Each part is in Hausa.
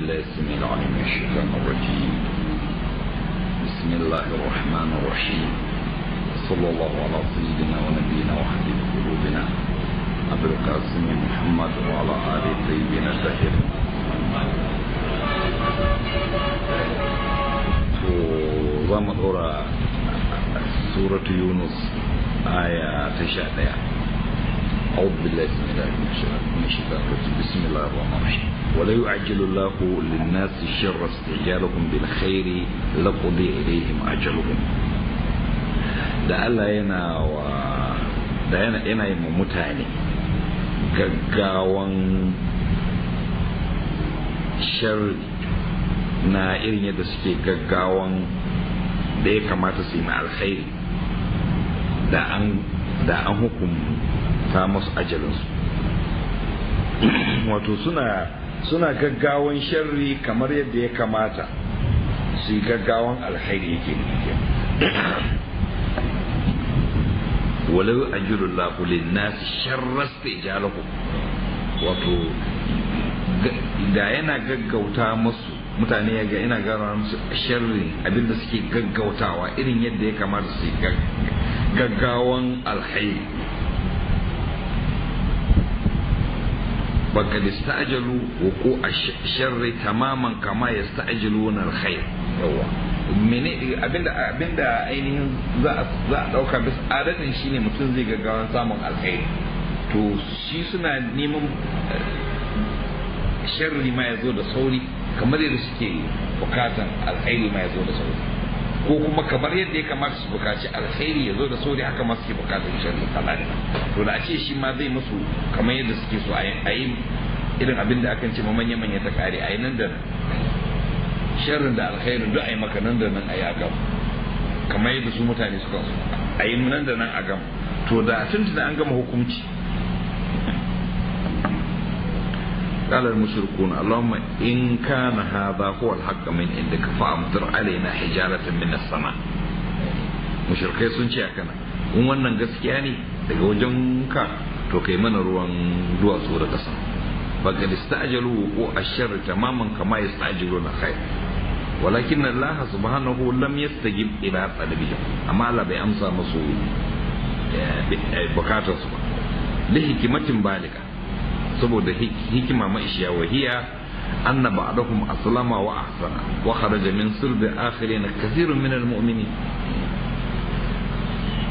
بالله السميع العليم من الشيطان الرجيم بسم الله الرحمن الرحيم صلى الله على سيدنا ونبينا وحبيب قلوبنا ابو القاسم محمد وعلى آل طيبين الطاهرين za mu سورة يونس آية aya أعوذ بالله من الشيطان الرجيم بسم الله الرحمن الرحيم ولا يعجل الله للناس الشر استعجالهم بالخير لقضي إليهم أجلهم da Allah yana wa da yana yana yi mutane gaggawan sharri na irin yadda suke gaggawan da ya kamata su yi na alkhairi da an da an hukumta musu ajalinsu wato suna suna gaggawan sharri kamar yadda ya kamata su yi gaggawan alkhairi yake nufi walau ajirun laƙulin nasu sharras ta ijalaku wato da yana gaggauta musu mutane ya ga ina gano musu sharri abinda suke gaggautawa irin yadda ya kamata su yi gaggawan alkhairi وقد استعجلوا وقوع الشر تماما كما يستعجلون الخير abinda abinda ainihin za a dauka bis adadin shine mutum zai gaggawa samun alkhairi to shi suna neman eh, sharri ma ya zo da sauri kamar yadda suke bukatan alkhairi ma ya zo da sauri ko kuma kamar yadda ya kamata su bukaci alkhairi ya zo da sauri haka ma suke bukatar sharri kalari to da a ce shi ma zai musu kamar yadda suke so a yi irin abin da akan ce manya manya ta kare a yi nan da sharrin da alheri duk a yi maka nan da nan a yi a gam kamar yadda su mutane suka so a yi nan da nan a gam to da tun da an gama hukunci قال المشركون اللهم إن كان هذا هو الحق من عندك فأمطر علينا حجارة من السماء مشركي سنشي أكنا ومن نقسكياني تقول جنكا توكي من روان دوا سورة السماء فقد استعجلوا وأشر تماما كما يستعجلون خير ولكن الله سبحانه لم يستجب إلى طلبهم أما لا بأمسى مسؤول بكاتر سبحانه لحكمة بالغة saboda hikima ma'ishiya wahiya aslama wa ahsana wa kharaja min sulbi akhirin كثير min almu'minin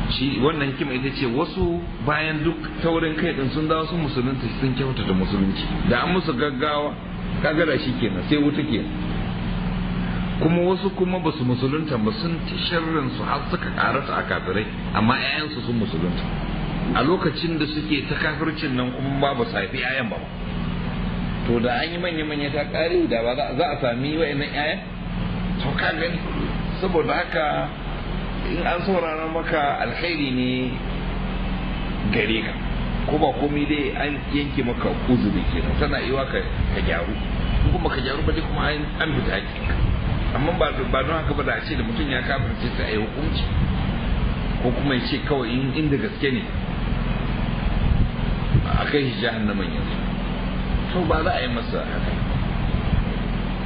shi wannan hikima ita ce wasu bayan duk taurin kai din sun dawo sun musulunci sun kyautata musulunci da an musu gaggawa da shi kenan sai wuta kenan kuma wasu kuma ba su musulunta ba sun ci sharrin su har suka karata a kafirai amma 'ya'yansu sun musulunta a lokacin da suke ta kafircin nan kuma babu safi yayan ba to da an yi manya-manya ta kare da ba za a sami wa wa'annan yayan to ka gani saboda haka in an saurara maka alkhairi ne gare ka ko ba komai dai an yanke maka da kenan tana iwa ka ka gyaru kuma ka gyaru ba dai kuma an bi hakinka amma ba don haka ba da a ce da mutum ya kafirce ta a yi hukunci ko kuma ya ce kawai inda gaske ne a kai shi jahannaman yanzu to ba za a yi masa haka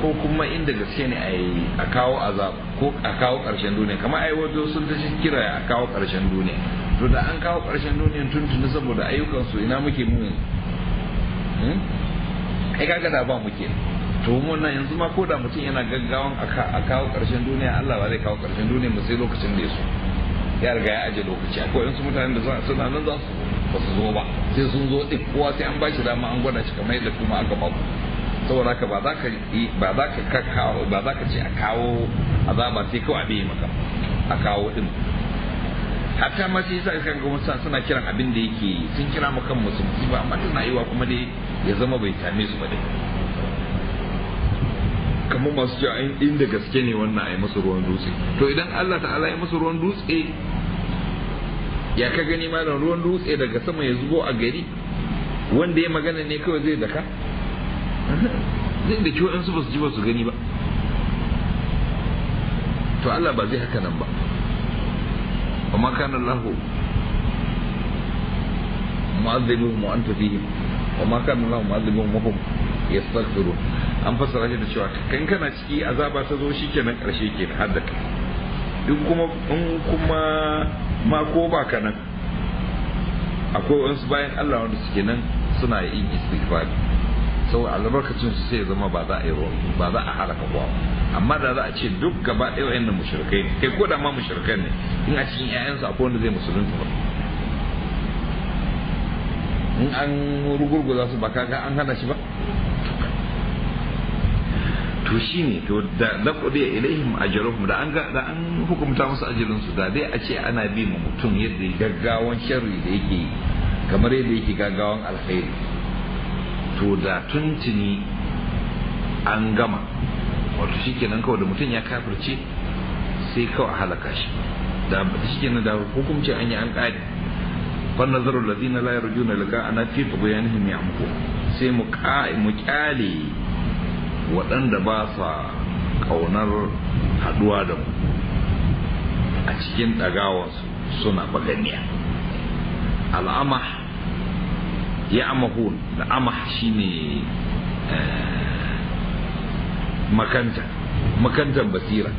ko kuma inda gaske ne a yi a kawo azab ko a kawo ƙarshen duniya kamar ai wajo sun ta kira a kawo ƙarshen duniya to da an kawo ƙarshen duniya tun tuni saboda su ina muke mu yanzu hmm? ai kaga da ba muke to mu wannan yanzu ma ko da mutum yana gaggawan a kawo ƙarshen duniya Allah ba zai kawo ƙarshen duniya mu sai lokacin da ya so ya riga ya aje lokaci akwai wasu mutanen da suna nan za su ba su zo ba sai sun zo duk kowa sai an ba shi dama an gwada shi kamar yadda kuma aka ba saboda haka ba za ka ba za ka kakkawo ba za ka ce a kawo azaba sai kawai abin yi maka a kawo din hatta ma sai sai kan gwamnati suna kiran abin da yake sun kira mu kan musu ba amma tana yiwa kuma dai ya zama bai same su ba dai kamar masu ja'in inda gaske ne wannan a yi musu ruwan dutse to idan Allah ta'ala ya musu ruwan dutse ya ka gani malam ruwan dutse daga sama ya zubo a gari wanda ya magana ne kawai zai daka zai da kiwo su ba su ji ba su gani ba to Allah ba zai haka nan ba ma kana lahu mu'azzibuhum wa anta fihim wa ma kana lahu mu'azzibuhum wa hum yastaghfirun an fassara shi da cewa kan kana ciki azaba ta zo shikenan karshe kenan har da kai duk kuma in kuma ma ko ba ka nan akwai wasu bayan Allah wanda suke nan suna yin istighfar sau albarkacin su sai zama ba za a yi ba za a halaka kowa amma da za a ce duk gaba ɗaya nan mushrikai ne kai ko da ma mushrikai ne in a cikin ƴaƴansu akwai wanda zai musulunta ba in an rugurguza su ba kaga an hana shi ba to shine to da da kudi ilaihim ajruhum da an ga da an hukumta musu ajalin su da dai a ce ana bi mu mutum yadda gaggawan sharri da yake kamar yadda yake gaggawan alkhairi to da tuntuni an gama wato shikenan kawai da mutum ya kafirce sai kawai halaka shi da shikenan da hukunci an yi an kare fa nazaru allazina la yarjuna liqa'ana fi tughyanihim ya'mukun sai mu mu kyale waɗanda ba sa ƙaunar haɗuwa da mu a cikin ɗagawansu suna baganiya al'amah ya amahun da amah ne eh, makanta makantan basira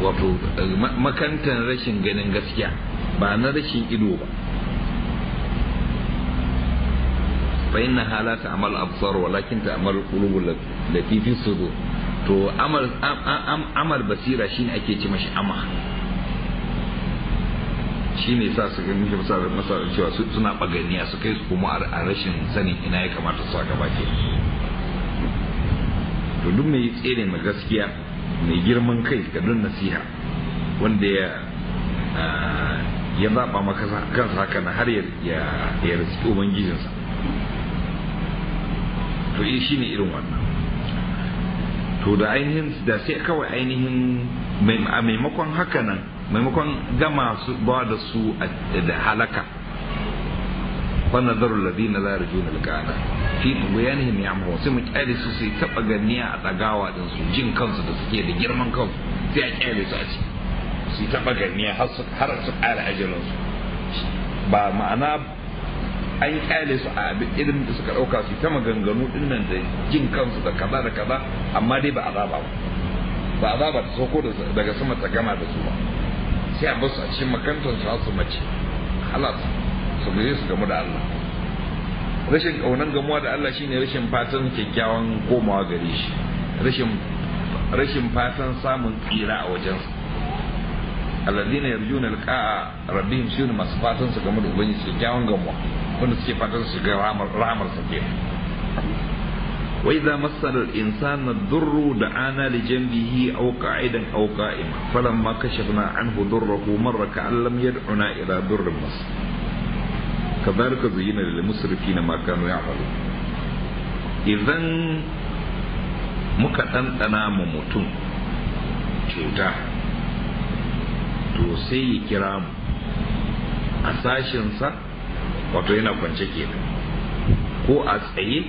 wato eh, makantan rashin ganin gaskiya ba na rashin ido ba fa innaha تعمل أبصار ولكن تعمل ta'mal التي في fi تو to amal basira shine ake ce mashi ama shi ne sa su gani masa cewa suna baganiya su kai su kuma a rashin sanin ina ya kamata su ga baki to duk mai tsere mai gaskiya mai girman kai ga dun nasiha wanda ya ya zaba maka kansa haka na har ya riski ubangijinsa to eh shine irin wannan to da ainihin da sai kawai ainihin a maimakon haka nan maimakon gama su ba da su da halaka wannan zarar ladina la yarjuna liqa'ana fi ya ya'mahu sai mu kyale su sai taba ganiya a tsagawa din su jin kansu da suke da girman kansu sai a kyale su a ci su taba ganiya har su har ƙara ajalin su ba ma'ana an kyale su a abin irin da suka ɗauka su ta maganganu dinnan nan da jin kansu da kaza da kaza amma dai ba azaba ba ba azaba ta sauko daga sama ta gama da su ba sai a basu a cikin makantar su su mace halas su gaje su gamu da Allah rashin kaunan gamuwa da Allah shine rashin fatan kyakkyawan komawa gare shi rashin rashin fatan samun tsira a wajensa alladina yarjuna liqa'a rabbihim shine masu fatan su game da ubangiji su kyawun gamuwa wanda suke fatan su ga ramar ramar sa ke wa idza masala al-insana ad-durru da'ana li janbihi aw qa'idan aw qa'ima falamma kashafna anhu durruhu marra ka'an lam yad'una ila durrin mas kadhalika zayyana lil musrifin ma kanu ya'malu idan muka dandana mu mutum cuta to sai ya kira mu a sashinsa wato yana kwance kenan ko a tsaye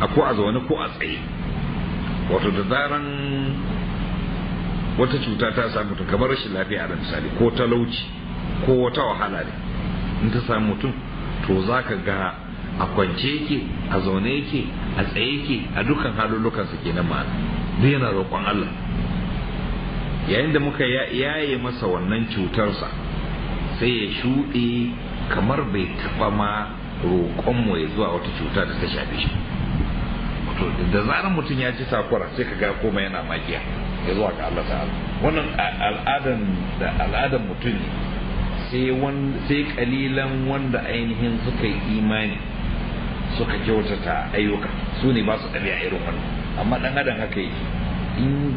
a ko a zaune ko a tsaye wato da zaran wata cuta ta samu mutum kamar rashin lafiya da misali ko talauci ko wata wahala ne in ta samu mutum to za ka ga a kwance ke a zaune yake a tsaye yake a dukkan halulukansa kenan ma'ana duk yana roƙon Allah yayin da muka yaye masa wannan cutarsa sai ya shuɗe kamar bai taɓa ma roƙonmu ya zuwa wata cuta da ta shafe shi da zarar mutum ya ci sakwara sai ka ga koma yana magiya ya zuwa ga Allah ta'ala wannan al'adan da al'adan mutum ne sai wan sai kalilan wanda ainihin suka yi imani suka kyautata ayyuka su ne ba su ɗabi'a irin wannan amma ɗan adam haka yake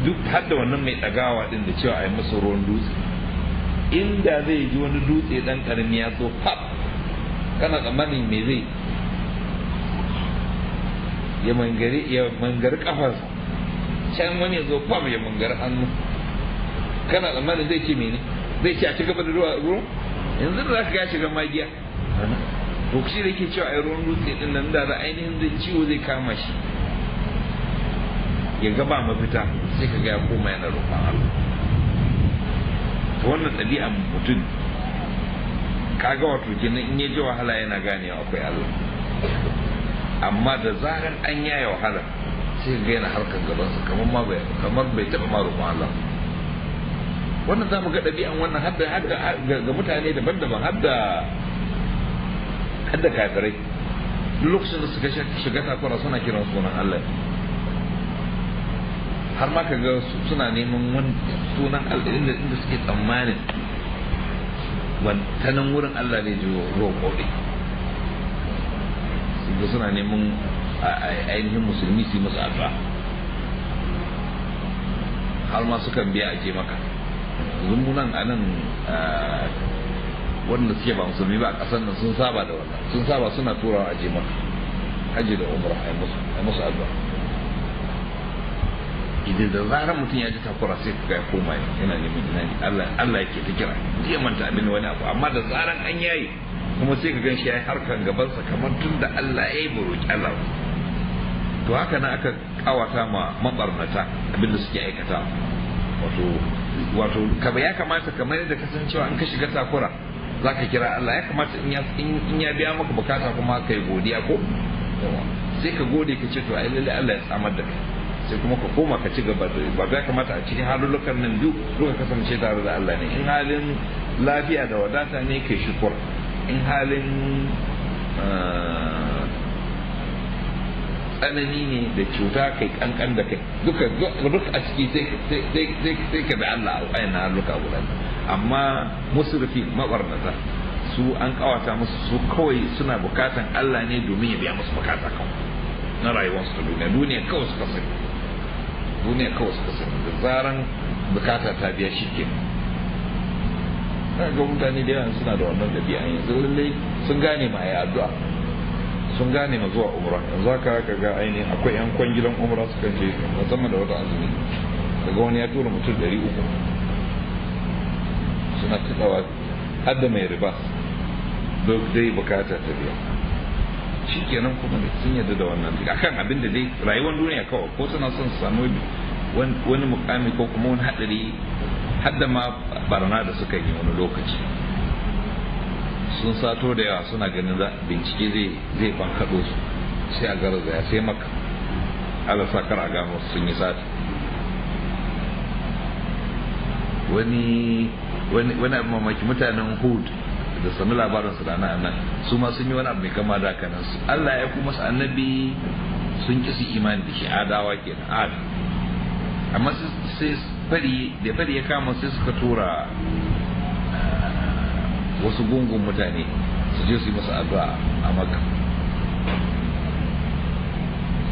duk hadda wannan mai ɗagawa ɗin da cewa a yi masa ruwan dutse inda zai ji wani dutse ɗan karami ya zo fab kana tsammanin me zai ya mangari ya mangari kafarsa can wani ya zo fab ya mangari hannu kana tsammanin zai ce mene zai ce a ci gaba da ruwa yanzu da za ka ya shiga magiya to shi da ke cewa a yi ruwan dutse din nan da ainihin zai ciwo zai kama shi ya gaba mafita sai ka ga ya koma yana roƙon Allah wannan ɗabi'an mutum kaga wato kenan in ya ji wahala yana ganewa akwai Allah amma da zarar an yi wahala sai ga yana harkar gabansa kamar ma bai kamar bai taɓa ma roƙon Allah wannan zamu ga ɗabi'an wannan hadda hadda ga mutane daban-daban hadda hadda kafirai duk lokacin da suka shiga takwara suna kiran sunan Allah har ma ka ga suna neman wani sunan inda inda suke tsammanin ta nan wurin Allah ne ji roƙo ne da suna neman ainihin musulmi su yi musu addu'a har ma sukan biya a je maka zumbunan a nan wanda suke ba musulmi ba a ƙasar nan sun saba da wannan sun saba suna turawa aje maka hajji da umar a musu addu'a idan da zarar mutum ya ji takura sai ka ya koma yana neman ina ne Allah Allah yake ta kira ya manta abin wani abu amma da zarar an yayi kuma sai ka ganshi yayi harkan gaban sa kamar tun da Allah ya yi buruci Allah to haka na aka kawata ma mabarnata abin da suke aikata wato wato kaba ya kamata kamar yadda kasancewa an ka shiga takura za ka kira Allah ya kamata in ya biya maka bukata kuma kai godiya ko sai ka gode ka ce to ai lalle Allah ya samar da kai sai kuma ka koma ka ci gaba da ba za kamata a cikin halulukan nan biyu duka kasance tare da Allah ne in halin lafiya da wadata ne ke shukur in halin ah, tsanani ne da cuta kai kankan da kai duka duk a ciki sai ka da Allah a wayan haluka guda amma musurfi mabarnata su an kawata musu su kawai suna bukatan Allah ne domin ya biya musu bukata kawai na rayuwarsu ta duniya duniya kawai suka sani duniya kawai suka sani da zaran bukata ta biya shi ke ga mutane da yawan suna da wannan biya yanzu lallai sun gane ma ya addu'a sun gane ma zuwa umra yanzu haka ka ga ainihin akwai yan kwangilan umra suka je musamman da wata azumi daga wani ya tura mutum ɗari uku suna tukawa har da mai riba duk dai bukata ta biya shi kenan kuma da sun yadda da wannan duk akan abin da zai rayuwar duniya kawai ko suna son su samu wani mukami ko kuma wani hadari hadda ma barna da suka yi wani lokaci sun sato da yawa suna ganin bincike zai zai bankaɗo su sai a garzaya sai maka ala sakar a gano sun yi sata wani wani wani mamaki mutanen hud da sami labarin su da nan nan su ma sun yi wani abu mai kama da nan. su Allah ya kuma su annabi sun ki su imani da shi adawa ke kenan ad amma sai fari da fari ya kama sai suka tura eh, wasu gungun mutane su je su yi masa addu'a a makka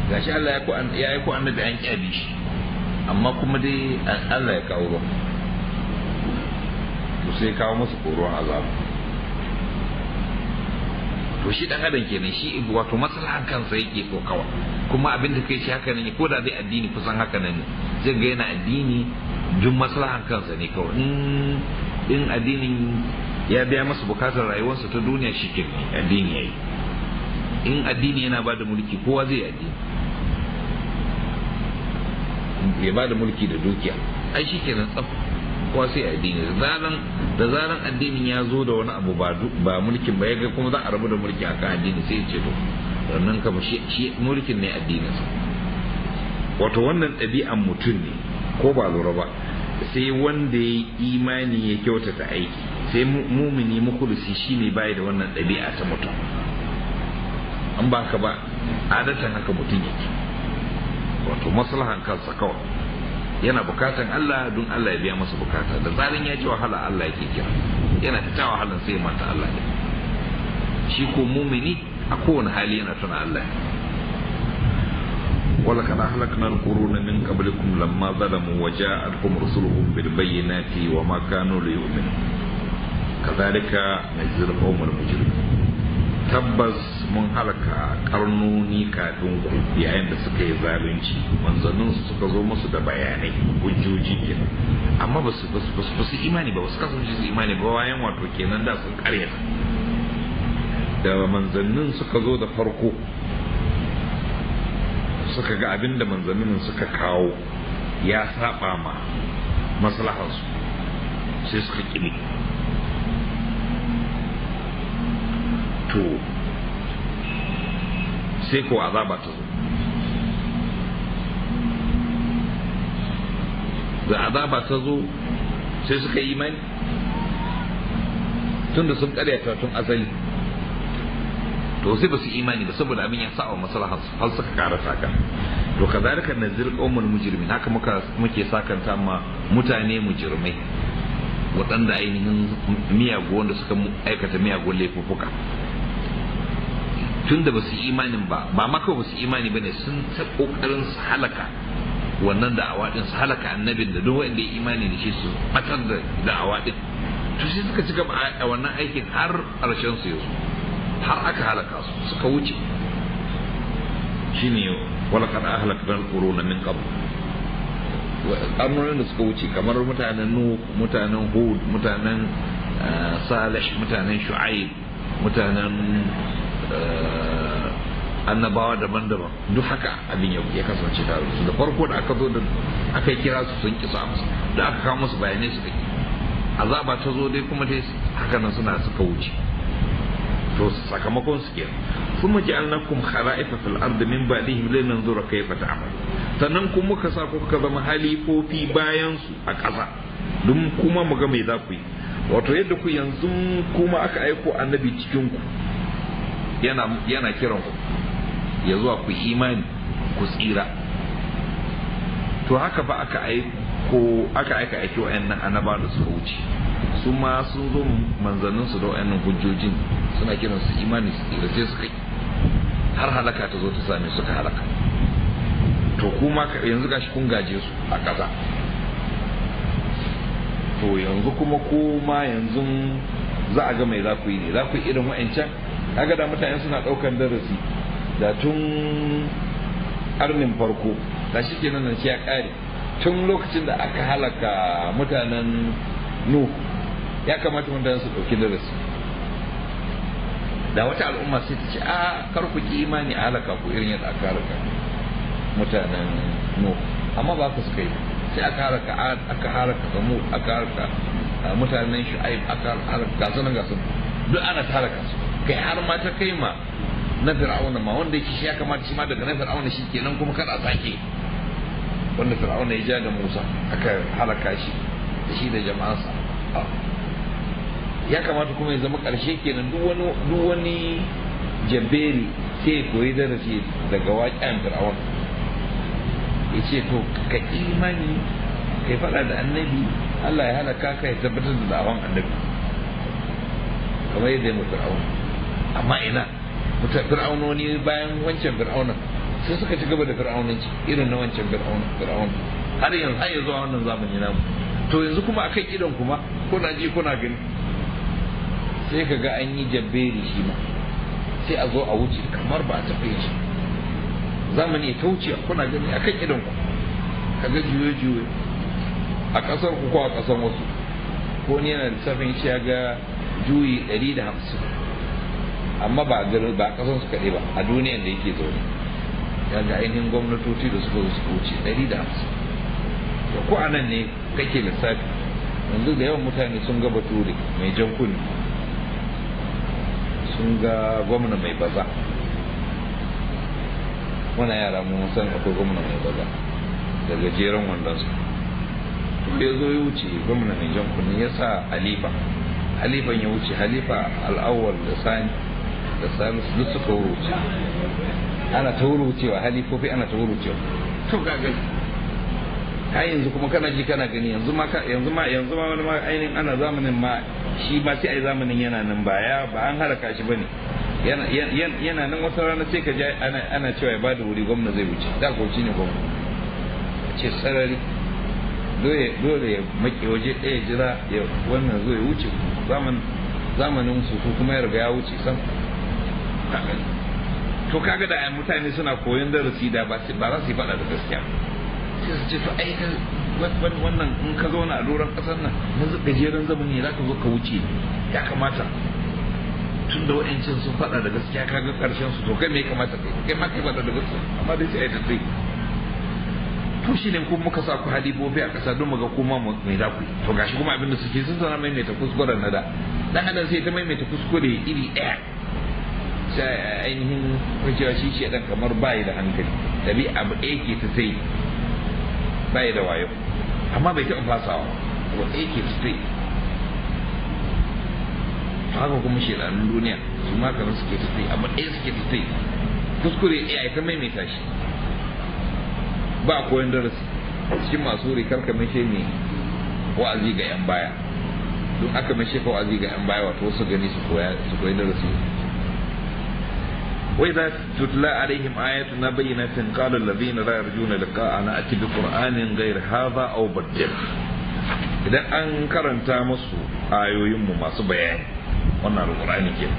gashi Allah ya ku annabi an kyabi shi amma kuma dai Allah ya kawo ruwan sai kawo musu koron azabu to shi dan adam kenan shi wato maslahan kansa yake ko kawa kuma abin da kai shi haka ne ko da dai addini kusan haka ne zai ga yana addini duk maslahan kansa ne kawai in addinin ya biya masa bukatar rayuwarsa ta duniya shi ke addini yayi in addini yana bada mulki kowa zai addini ya bada mulki da dukiya ai shi kenan tsaf kowa sai addini da zaran da zaran addinin ya zo da wani abu ba ba mulkin ba yaga kuma za a rabu da mulki akan addini sai ya ce to sannan kama shi mulkin ne addinin sa wato wannan ɗabi'an mutum ne ko ba lura ba sai wanda ya imani ya kyautata aiki sai mumini mukulusi ne bai da wannan ɗabi'a ta mutum an ba ka ba adatan haka mutum yake wato maslahan kansa kawai yana bukatan Allah don Allah ya biya masa bukata da zarin ya ci wahala Allah yake kira yana ta wahalan sai mata Allah ne shi ko mumini a kowane hali yana tana Allah ne wala kana halakna alqurun min qablikum lamma zalamu wa ja'atkum rusuluhum bil bayyinati wa ma kanu liyu'minu kadhalika najzir qawmal mujrimin tabbas mun halaka karnoni kafin ku yayin da suka yi zalunci manzannin su suka zo musu da bayanai hujjoji kenan amma ba su ba su imani ba su kasance su imani ba wayan wato kenan da sun karyata da manzannin suka zo da farko suka ga abin da manzannin suka kawo ya saba ma maslahansu sai suka kimi to sai ko azaba ta zo da azaba ta zo sai suka yi tun tunda sun karyata tun asali to sai ba su imani ba saboda abin ya sa'a maslahar har suka kara saka to kazalika nazir qaumul mujrimin haka muka muke sakanta ma mutane mujrimai waɗanda ainihin miyagu wanda suka aikata miyagun laifuffuka da ba su imanin ba ba maka ba su imani ba ne sun ta kokarin su halaka wannan da awadin su halaka annabin da duk wanda ya imani da shi su batar da da awadin to sai suka cika a wannan aikin har karshen su yanzu har aka halaka su suka wuce shine walaqad ahlak al-quruna min qabl al'amuran da suka wuce kamar mutanen nu mutanen hud mutanen eh, salih mutanen shu'aib mutanen Eh, annabawa daban-daban duk haka abin ya kasance da su da farko da aka zo da aka kira su sun kisa musu da aka kawo musu bayanai su kake azaba ta zo dai kuma dai haka nan suna suka wuce to sakamakon su kenan sun maji annakum khara'ifa fil ard min ba'dihim lin nanzura kayfa ta'mal sannan kun muka sa ku ka zama halifofi bayan su a kasa dun kuma mu ga me za ku yi wato yadda ku yanzu kuma aka aiko annabi cikin ku yana yana kiran ku ya zuwa ku imani ku tsira to haka ba aka aiko aka aika aiki wayannan annaba da suka wuce su ma sun zo manzannin su da wayannan hujjojin suna kiran su imani su tsira sai suka har halaka ta zo ta same suka halaka to kuma yanzu gashi kun gaje su a ƙasa to yanzu kuma ko ma yanzu za a ga mai za ku yi ne za ku yi irin wa'ancan kaga da mutane suna daukan darasi da tun arnin farko da shi ke nan ya kare tun lokacin da aka halaka mutanen nu ya kamata mutane su dauki darasi da wata al'umma sai ta ce a kar ku ki imani a halaka ku irin yadda aka halaka mutanen nu amma ba ku suka yi sai aka halaka aka halaka aka halaka eh, mutanen shu'aib aka halaka gasunan gasunan duk ana ta halaka su kai har ma ta kai ma na fir'auna ma wanda yake shi ya kamata shi ma daga na fir'auna shi kenan kuma kada a sake wanda fir'auna ya ja da Musa aka halaka shi da shi da jama'ansa ah. ya kamata kuma ya zama ƙarshe kenan duk wani duk wani jaberi sai koyi darasi daga waƙen fir'auna ya ce to ka imani ka yi faɗa da annabi Allah ya halaka ka ya tabbatar da da'awan annabi kamar yadda ya mutu fir'auna amma ina mutum fir'aunoni bayan wancan fir'aunan sai suka ci gaba da fir'aunanci irin na wancan fir'aunan har yanzu har zuwa wannan zamani namu to yanzu kuma akan idan kuma kuna ji kuna gani sai ka ga an yi jabberi shi ma sai a zo a wuce kamar ba a tafi shi zamani ta wuce kuna gani akan idan ku ka ga juyo-juyo a kasar ku ko a kasar wasu ko ni yana lissafin shi ya ga juyi 150 amma ba garin ba kasan su kaɗai ba a duniyan da yake zaune ya ga ainihin gwamnatoci da suka suka wuce ɗari da hamsin da ko anan ne kake lissafi yanzu da yawan mutane sun ga bature mai jan kunni sun ga gwamna mai baza muna yara mun san akwai gwamna mai baza daga jeren wandonsu ya zo ya wuce gwamna mai jan kunni ya sa halifa halifan ya wuce halifa al'awwal da sani da salisu duk suka wuruce ana ta wurucewa halifofi ana ta wurucewa to ga gani ka yanzu kuma kana ji kana gani yanzu ma yanzu ma yanzu ma wani ma ainihin ana zamanin ma shi ba sai ai zamanin yana nan ba ya ba an haraka shi bane yana yana nan wata rana sai ka ji ana ana cewa ya bada wuri gwamna zai wuce da ko ne gwamna ce sarari dole dole ya maki waje ɗaya jira ya wannan zo ya wuce zamanin zamanin su kuma ya riga ya wuce sam to kaga da mutane suna koyon darasi da ba za su yi faɗa da gaskiya sai su ce to ai wannan in ka zauna a doron ƙasar nan yanzu gajeren zamani ne za ka zo ka wuce ya kamata tun da wa'ancin sun faɗa da gaskiya kaga ƙarshen su to kai me kamata kai kai ma kai faɗa da gaskiya amma dai sai ai yi to shi ne kuma muka sa ku halibobi a ƙasa don mu ga kuma mai za ku yi to gashi kuma abin da suke sun zana maimaita kuskuren na da dan adam sai ta maimaita kuskure iri ɗaya ta ainihin cewa shi dan kamar bai da hankali tabi abu ɗaya ke ta sai bai da wayo amma bai taɓa fasawa ko ɗaya ke ta sai haka kuma shedanun duniya su ma kamar suke ta sai abu ɗaya suke ta sai kuskure iya ta maimaita shi ba koyon darasi cikin masu karka kamar shi mai wa'azi ga 'yan baya don aka mai shi wa'azi ga 'yan baya wato wasu gani su koya darasi وإذا تتلى عليهم آياتنا بينات قال الذين لا يرجون a أتي بقرآن غير هذا أو بدل إذا أنكرن كرنت آيو يمو ما سبعين wannan القرآن كيف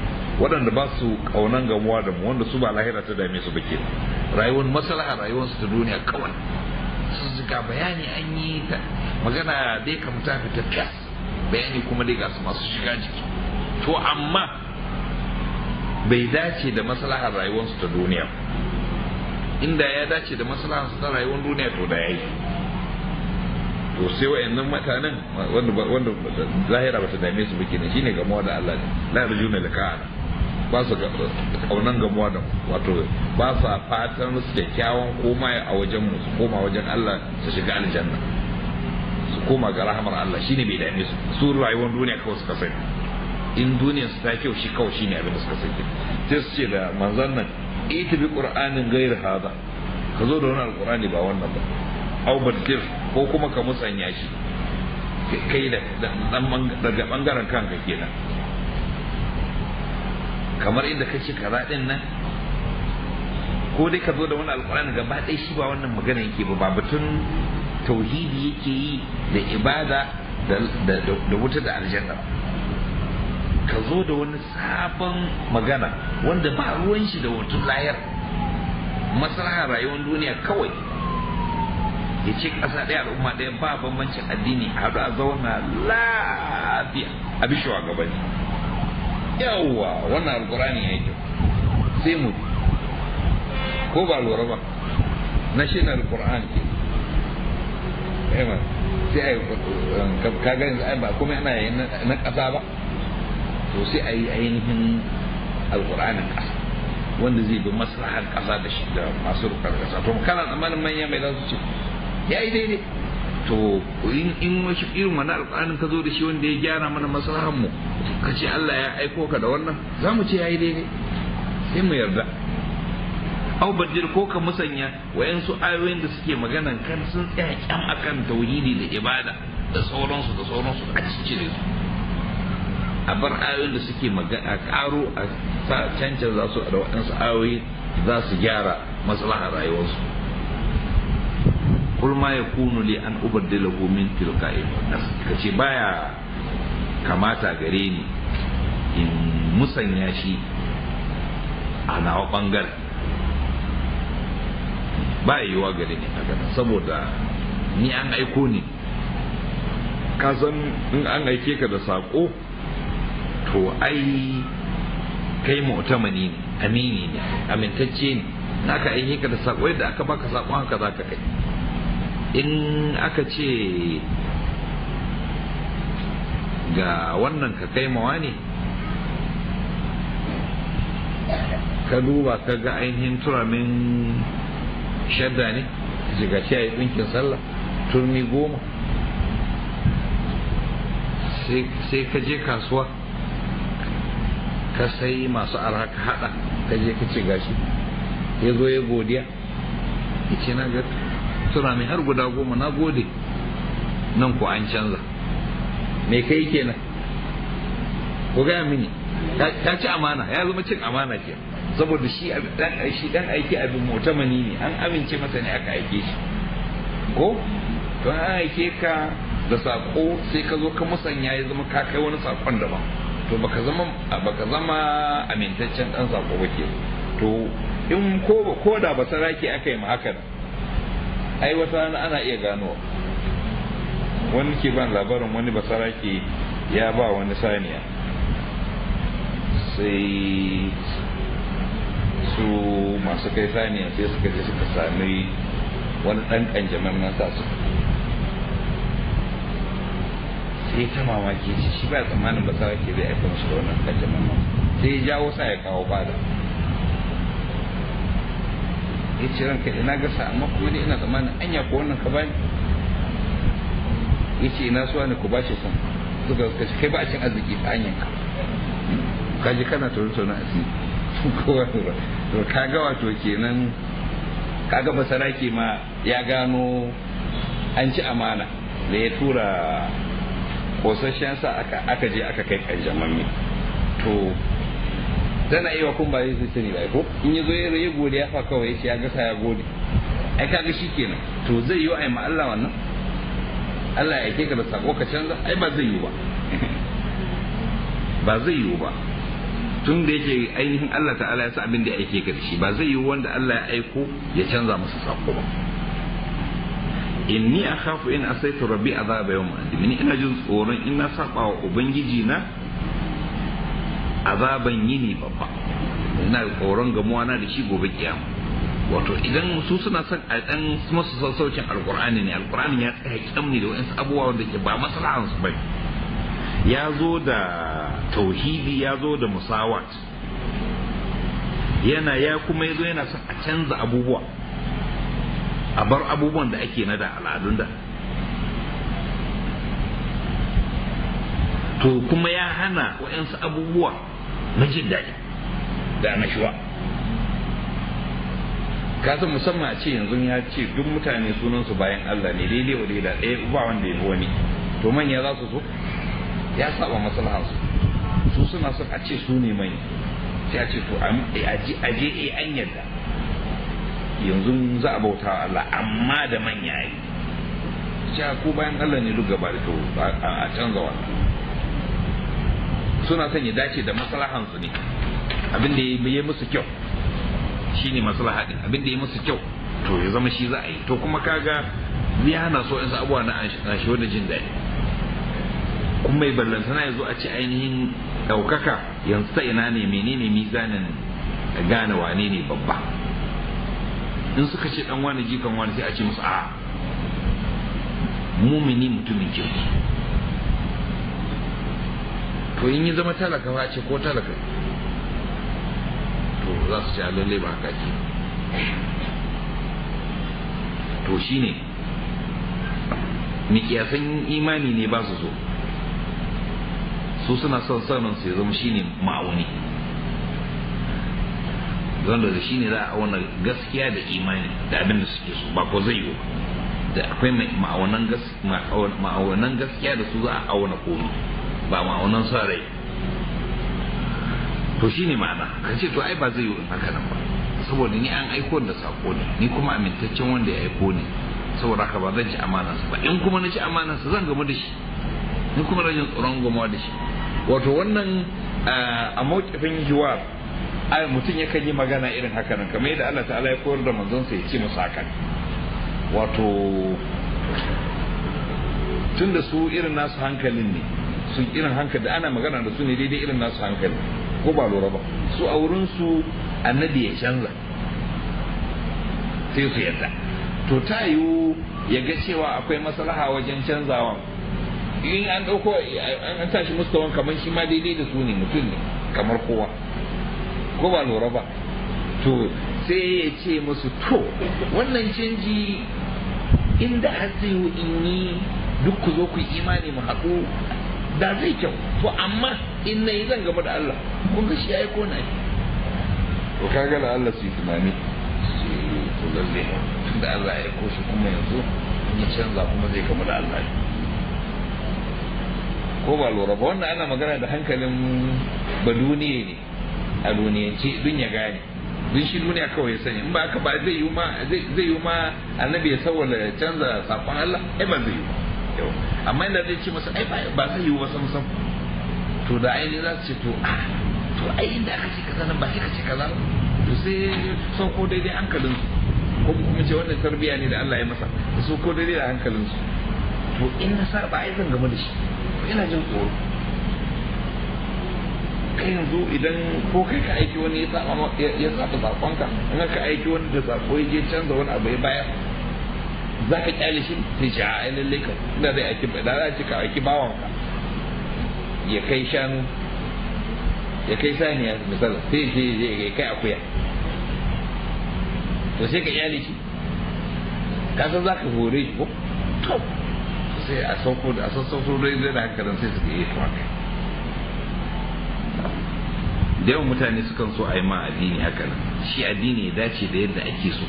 waɗanda ba su ƙaunan gamuwa da mu wanda su ba lahira ta dame su bake rayuwar maslaha rayuwar ta duniya kawai sun bayani an yi ta magana dai kamta ta bayani kuma dai ga su masu shiga jiki to amma bai dace da maslahar rayuwarsu ta duniya inda ya dace da maslahar ta rayuwar duniya to da yayi to sai wayannan mutanen wanda wanda zahira bata dame su bake ne shine gamuwa da Allah la yarjuna ka'ana ba su kaunan gamuwa da wato ba su fatan su kyawun koma a wajen mu su koma wajen Allah su shiga aljanna su koma ga rahamar Allah shine bai dame su su rayuwar duniya kawai suka sani in duniyar su ta kyau shi kawai ne abin da suka sake sai su ce da manzan nan ita bi qur'anin gair hada ka zo da wani alqur'ani ba wannan ba au badir ko kuma ka musanya shi kai da daga bangaren kanka kenan kamar inda ka ce kaza ɗin nan ko dai ka zo da wani alkurani gaba ɗaya shi ba wannan magana yake ba ba batun tauhidi yake yi da ibada da wuta da aljanna ka zo da wani sabon magana wanda ba ruwan shi da wata layar maslaha rayuwar duniya kawai ya ce ƙasa ɗaya al'umma ɗaya ba bambancin addini a haɗu a zauna lafiya a bi gabani yawwa wannan alkurani ya yi kyau sai mu ko ba lura ba na shi na alkur'an ke eh, sai a yi kaga kuma yana yi na ƙasa ba to sai a yi ainihin alƙur'anin ƙasa wanda zai bi maslahar ƙasa da shi da masu rukar ƙasa to kana tsammanin manya mai za su ce ya yi daidai to in in wasu irin wani alƙur'anin ka zo da shi wanda ya gyara mana maslahar mu ka ce Allah ya aiko ka da wannan za mu ce ya yi daidai sai mu yarda au bajir ko ka musanya wayansu ayoyin da suke maganan kan sun tsaya kyam akan tauhidi da ibada da sauransu da sauransu a cikin su a bar ayoyin da suke magana karo a cancan za su da waɗansu ayoyi za su gyara maslaha rayuwarsu kul ma yakunu li an ubaddilahu min tilka'i kace baya kamata gare ni in musanya shi a nawa bangare ba yiwuwa gare ni a saboda ni an aiko ni ka san in an aike ka da saƙo to ai kai mu'tamani ne amini ne amintacce ne naka aike ka da sako yadda aka baka sako haka za ka kai in aka ce ga wannan ka kai mawa ne ka duba ka ga ainihin turamin shadda ne ga shi a yi ɗinkin sallah turmi goma sai ka je kasuwa ka sai masu arha ka hada ka je ka ce gashi ya zo ya godiya ya ce na ga turami har guda goma na gode nan ko an canza me kai kenan ku gaya mini ta ci amana ya zama cin amana ke saboda shi dan aiki abin motamani ne an amince masa ne aka aike shi ko to an aike ka da saƙo sai ka zo ka musanya ya zama ka kai wani saƙon daban to baka zama baka zama amintaccen dan sako ba ke to in ko ba ko da ba saraki aka yi ma haka ai wata ana iya gano wani ke ban labarin wani ba saraki ya ba wani saniya sai su masu kai saniya sai suka je suka sami wani dan kanjamar nasa su ya ta mamaki shi ba tsammanin ba sarki ke zai aikin shi da wannan kajin nan sai ya jawo sa ya kawo bada ya ce ranka ina gasa amma kuma ne ina tsammanin anya ko wannan ka bani ya ce ina suwa ne ku ba shi san suka kashi kai ba a cin arziki ta hanyar ka kaji kana tori tori asiri ka ga wato kenan ka ga masaraki ma ya gano an ci amana da ya tura kosasshen sa aka aka je aka kai kanjamami to tana iya kun ba zai sani ba ko in ya zo ya gode ya fa kawai ya gasa ya gode ai kaga shikenan to zai yi wa ai ma Allah wannan Allah ya aike ka da sako ka canza ai ba zai yi ba ba zai yi ba tun da yake ainihin Allah ta'ala ya sa abin da ya aike ka da shi ba zai yi wanda Allah ya aiko ya canza masa sako ba inni akhafu in asaitu rabbi azaba yawm adim ni ina jin tsoron ina saɓa saba wa ubangiji na azaban yini babba ina tsoron gamuwa na da shi gobe kiyama wato idan su suna son a ɗan masu sassaucin alqur'ani ne alqur'ani ya tsaya ne da wayansu abubuwa wanda ke ba maslahan su bai ya zo da tauhidi ya zo da musawat yana ya kuma ya yana son a canza abubuwa a bar abubuwan da ake na da al'adun da to kuma ya hana waɗansu abubuwa na jin daɗi da annashuwa ka san musamman a ce yanzu ya ce duk mutane sunansu bayan Allah ne daidai wa daidai ɗaya ba wanda ya wani to manya za su so ya saba maslahansu su suna son a ce su ne manya sai ce to a je eh, an yadda yanzu za a bauta Allah amma da manya yi cewa ko bayan Allah ne duk gaba da to a canza wannan suna son ya dace da maslahan su ne abin da ya musu kyau shine maslaha din abin da ya musu kyau to ya zama shi za a yi to kuma kaga ya hana so in abuwa na shi wanda jin daɗi kuma mai ballantana ya zo a ci ainihin ɗaukaka yanzu ta ina ne menene mizanin gane wane ne babba in suka ce dan wani jikan wani sai a ce musu a mumini mutumin kirki to in yi zama talaka ba ce ko talaka to za su ce a lalle ba haka ke to shine mikiyasan imani ne ba su so su suna son sanin su ya zama shine ma'auni wanda da shi ne za a auna gaskiya da imani da abin da suke so ba ko zai yi da akwai ma'aunan gaskiya da su za a auna komi ba ma'aunan sa rai to ne ma'ana ka ce to ai ba zai yi in haka nan ba saboda ni an aiko da sako ne ni kuma amintaccen wanda ya aiko ne saboda haka ba zan ci amanansa ba in kuma na ci amanansa zan gamu da shi ni kuma rajin tsoron goma da shi wato wannan ah, a mawkifin jiwar ai mutum yakan yi magana irin haka nan kamar yadda Allah ta'ala ya koyar da manzonsa ya ce musu haka wato tun da su irin nasu hankalin ne su irin hankali da ana magana da su ne daidai irin nasu hankali ko ba lura ba su a wurin su annabi ya canza sai su yadda to ta yiwu ya ga cewa akwai maslaha wajen canzawa in an ɗauko an tashi muska kamar shi ma daidai da su ne mutum ne kamar kowa ko ba lura ba to sai ya ce musu to wannan canji inda har zai in yi duk ku zo ku imani mu haɗu da zai kyau to amma in na yi zan gaba da Allah kun ga shi ya yi kona yi to kaga da Allah su yi tunani su yi to lalle da Allah ya aiko shi kuma yanzu in ya canza kuma zai gaba da Allah ko ba lura ba wannan ana magana da hankalin baduniye ne a duniyance dun ya gane dun shi duniya kawai ya sani in ba haka ba zai yi ma zai yi ma annabi ya sawala canza sakon Allah ai ba zai yi ba amma inda zai ce masa ai ba zai yi wasu san to da aini za su ce to a to ai inda aka ce kaza nan ba sai ka ce kaza to sai sauko daidai hankalin ko kuma ce wannan tarbiya ne da Allah ya masa ko daidai da hankalin su to in na saba ai zan game da shi ina jin tsoro kai yanzu idan ko kai ka aiki wani ya saba ya saba in ka aiki wani da sako ya je canza wani abu ya bayar za ka kyale shi ta ce a ainihin ka da zai aiki da dara ce ka aiki bawanka ya kai shanu ya kai saniya misali sai ce ya kai akuya to sai ka kyale shi ka san za ka hore shi ko to sai a sauko da a sassauko da haka sai su ke yi kuma kai da yawan mutane sukan so a yi ma addini haka nan shi addini ya dace da yadda ake so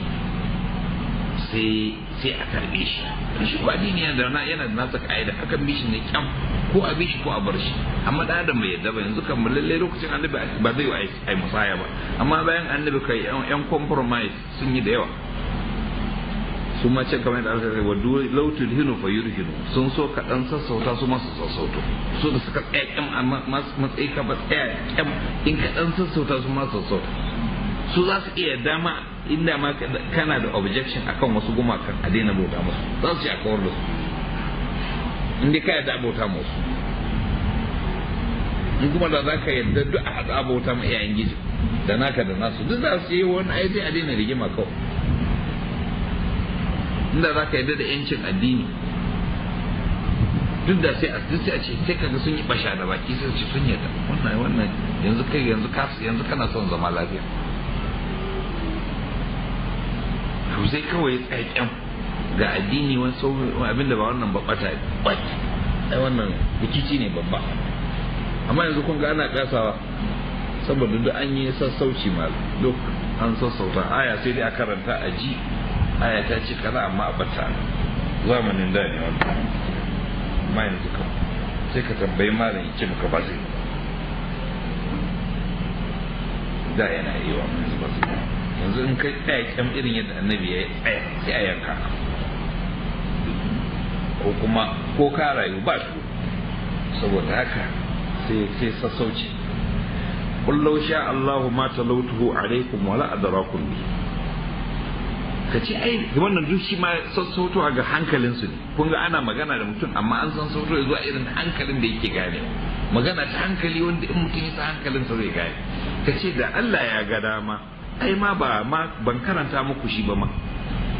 sai sai a karbe shi shi ko addini yana da yana da nasa ka'ida hakan bishi ne kyam ko a bishi ko a bar shi amma da adam bai yadda ba yanzu kan lallai lokacin annabi ba zai yi musaya ba amma bayan annabi kai yan compromise sun yi da yawa sun ma ce kamar da aka kai wadu lautul hinu fa yurhinu sun so ka dan sassauta su masu sassauto su da suka tsaya kyam amma matsayi ka ba tsaya kyam in ka dan sassauta su masu sassauto su za su iya dama inda ma kana da objection akan wasu gumakan a daina bauta musu za su ci a kawar da su inda ka yarda bauta musu in kuma da za ka yadda duk a haɗa bauta ma iyayen gizo da naka da nasu duk za su yi wani aiki sai a daina rigima kawai inda za ka yarda da yancin addini duk da sai a sai a ce sai kaga sun yi basha da baki sai ce sun yarda wannan wannan yanzu kai yanzu ka yanzu kana son zama lafiya to sai kawai tsaƙen ga addini wani abin da ba wannan ba bata baki ai wannan rikici ne babba amma yanzu kun ga ana kasawa saboda duk an yi sassauci ma duk an sassauta aya sai dai a karanta a ji aya ta ce kaza amma a bata zamanin da ne wannan amma yanzu ka sai ka tambayi malam ya ce maka ba zai da yana yi wa mun zuba zai yanzu in kai tsaya kyam irin yadda annabi ya yi tsaya sai a yanka ko kuma ko ka rayu ba su saboda haka sai sai sassauci kullau sha Allahu ma talautuhu alaikum wala adrakum bihi ka ce ai wannan duk shi ma sassautowa ga hankalinsu ne kun ga ana magana da mutum amma an san sautowa zuwa irin hankalin da yake gane magana ta hankali wanda in mutum ya sa hankalinsa zai gane ka ce da Allah ya ga dama ai ma ba ma ban karanta muku shi ba ma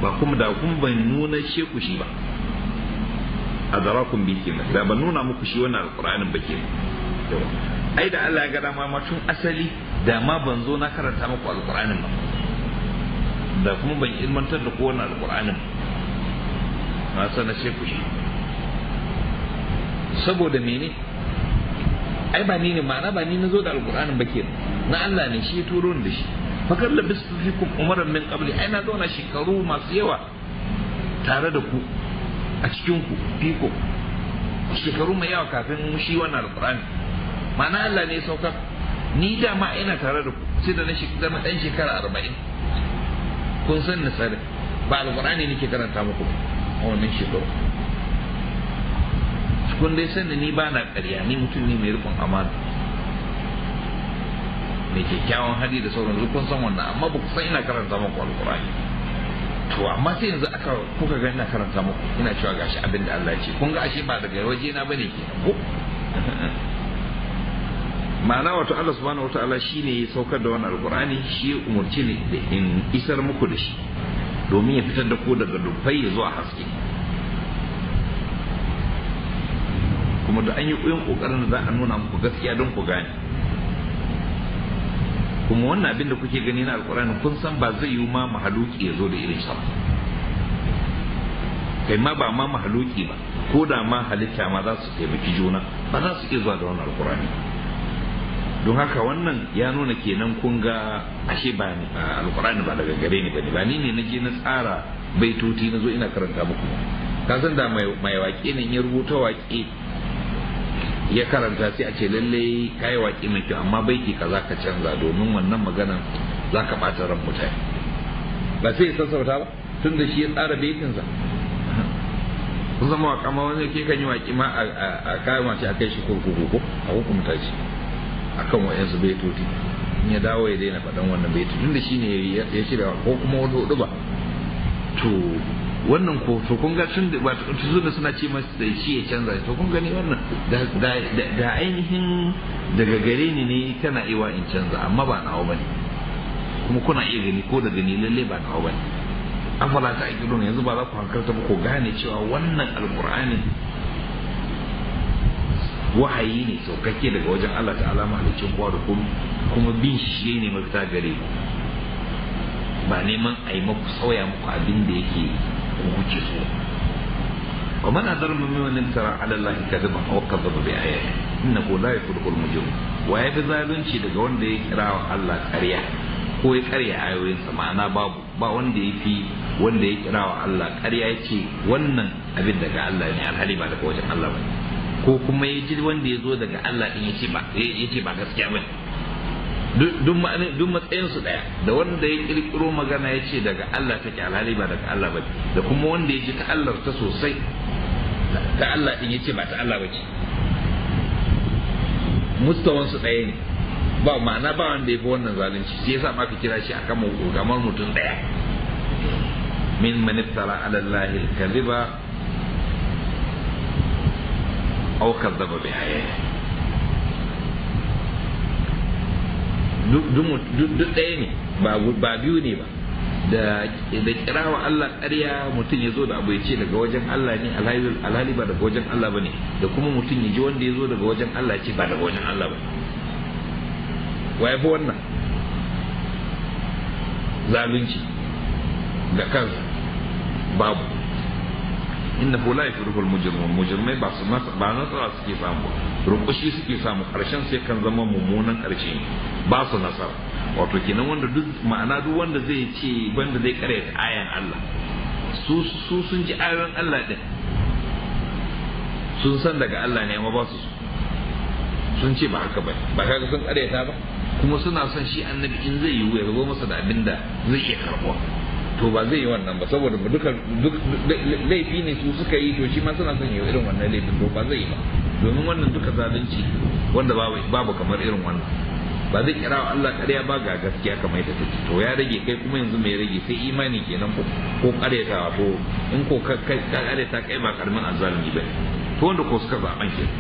ba kuma da kuma ban nuna ku shi ba adarakum bi kenan da ban nuna muku shi wannan alqur'anin ba kenan ai da Allah ya ga dama ma tun asali da ma ban zo na karanta muku alqur'anin ba da kuma ban ilmantar da kowane alƙur'anin na sana ce ku shi saboda mene ai ba ni ne ma'ana ba ni na zo da alƙur'anin ba ke na Allah ne shi turo da shi fakar da bisu fi kun umaran min qabli ai na zauna shekaru masu yawa tare da ku a cikin ku fiko shekaru mai yawa kafin shi wannan alƙur'ani ma'ana Allah ne ya saukar ni dama ina tare da ku sai da na dan shekara arba'in kun san na tsare ba alqur'ani nake karanta muku a wannan shekaru kun dai san ni ba na ƙarya ni mutum ne mai rufin amana mai kyakkyawan hali da sauran kun san wannan amma ba ku san ina karanta muku alqur'ani to amma sai yanzu aka kuka ga ina karanta muku ina cewa gashi abin da Allah ya ce kun ga ashe ba daga waje na bane ke ko ma'ana wato Allah subhanahu shi ne ya saukar da wannan alqur'ani shi ya umurci ne in isar muku da shi domin ya fitar da ku daga dubbai ya zuwa haske kuma da an yi koyon kokarin da za a nuna muku gaskiya don ku gane kuma wannan abin da kuke gani na alqur'ani kun san ba zai yi ma mahaluki ya zo da irin sa kai ma ba ma mahaluki ba ko da ma halitta ma za su taimaki juna ba za su iya zuwa da wannan alqur'ani don haka wannan ya nuna kenan kun ga ashe ba alkur'ani ba daga gare ni bane ba ni ne naje na tsara baitoti na zo ina karanta muku ka san da mai waƙe ne ya rubuta waƙe ya karanta sai a ce lalle kai waƙe mai kyau amma baiti kaza ka canza domin wannan maganan za ka ɓata ran mutane ba sai ya sassauta ba tun da shi ya tsara baitinsa kun zama waƙa ma wani ke kan yi waƙe ma a kayan wace a kai shi kurkuku ko a hukunta shi akan wayansu baitoti in ya dawo ya daina faɗan wannan baiti tun da shine ya shirya ko kuma wani hudu ba to wannan ko to kun ga tun da tun da suna ce masa shi ya canza to kun gani wannan da ainihin daga gare ni ne tana iwa in canza amma ba nawa bane kuma kuna iya gani ko da gani lalle ba nawa bane afala ta aikidun yanzu ba za ku hankalta ba ku gane cewa wannan alkur'ani wahayi ne saukakke daga wajen Allah ta'ala mahalicin kowa da kuma bin shi ne mafita gare ba neman a yi maku sauya muku abin da yake kuke so wa man adar mu min wannan tara ala Allah kadiban aw kadaba bi inna ko la yuflihul mujrim wa ya bi zalunci daga wanda ya kira wa Allah ƙarya ko ya karya ayoyinsa ma'ana babu ba wanda ya fi wanda ya kira wa Allah ƙarya ya ce wannan abin daga Allah ne alhali ba daga wajen Allah ba ne ko kuma ya ji wanda ya zo daga Allah din ya ba ba gaskiya ba duk matsayin su ɗaya da wanda ya ƙirƙiro magana ya ce daga Allah ta ke alhali ba daga Allah ba da kuma wanda ya ji ta Allah ta sosai ta Allah din ya ce ba ta Allah ba ce mustawansu su ne ba ma'ana ba wanda ya bi wannan zalunci sai yasa ma ka kira shi a mu kamar mutum ɗaya min manittara alallahi kaziba aw kazzaba bi hayya duk ɗaya ne ba biyu ne ba da kirawa Allah ƙarya mutum ya zo da abu ya ce daga wajen Allah ne alhali ba daga wajen Allah ba ne da kuma mutum ya ji wanda ya zo daga wajen Allah ce ba daga wajen Allah ba waye fi wannan zalunci da kansa babu innahu la yuflihul mujrimun mujrimai ba su ba samu rukushi suke samu karshen sai kan zama mummunan karshe ba su nasara wato kenan wanda duk ma'ana duk wanda zai ce banda zai kare ayan Allah su su sun ji ayoyin Allah din sun san daga Allah ne amma ba su sun ce ba haka ba ba kaga sun karyata ba kuma suna son shi annabi in zai yiwu ya ga masa da abinda zai iya karbuwa to ba zai yi wannan ba saboda duka duk laifi ne su suka yi to shi ma suna son yi irin wannan laifin to ba zai yi ba domin wannan duka zalunci wanda babu kamar irin wannan ba zai kira Allah ƙarya ba ga gaskiya kamar yadda take to ya rage kai kuma yanzu mai rage sai imani kenan ko ƙaryatawa ko in ko ka ƙaryata kai ba karamin azzalumi ba to wanda ko suka zaben kenan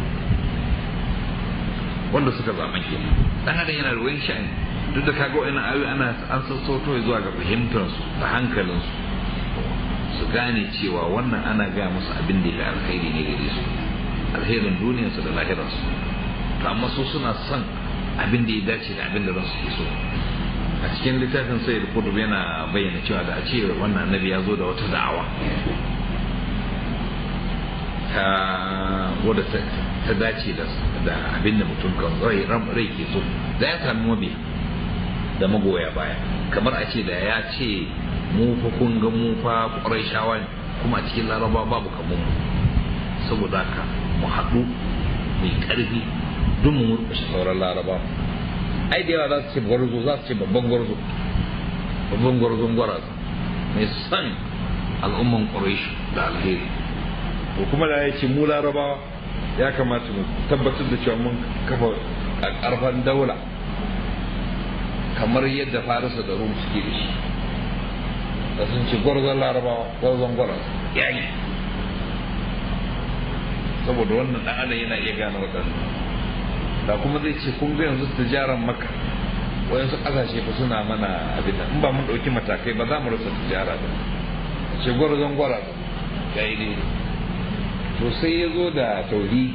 wanda suka zaben kenan dan adam yana ruwan sha'ani duk da kaga wani ayu ana an sassauto zuwa ga fahimtarsu da hankalinsu su gane cewa wannan ana ga musu abin da ya alkhairi ne gare su alherin duniyarsu da lahirarsu to amma su suna son abin da ya dace da abin da ransu ke so a cikin littafin sayyid kudu yana bayyana cewa da a ce wannan annabi ya zo da wata da'awa ta wadda ta dace da abin da mutum kan rai ke so da ya sami mabiya da magoya baya kamar a ce da ya ce mu fa kun ga mu fa kurai shawa ne kuma a cikin laraba babu kamun mu saboda ka mu haɗu mai ƙarfi don mu murƙushe sauran laraba ai da yawa za su ce gwarzo za su ce babban gwarzo babban gwarzon gwaraz mai san al'umman ƙwarai da alheri to kuma da ya ce mu larabawa ya kamata mu tabbatar da cewa mun kafa a ƙarfan daula kamar yadda farisa da rum suke da shi da sun ce gwarzon larabawa gwarzon ya yayi saboda wannan dan adam yana iya gane waɗanda. da kuma zai ce kun ga yanzu tijaran maka wayansu ƙasashe fa suna mana abin in ba mun ɗauki matakai ba za mu rasa tijara da ce gwarzon Ya yayi ne to sai ya zo da tauhidi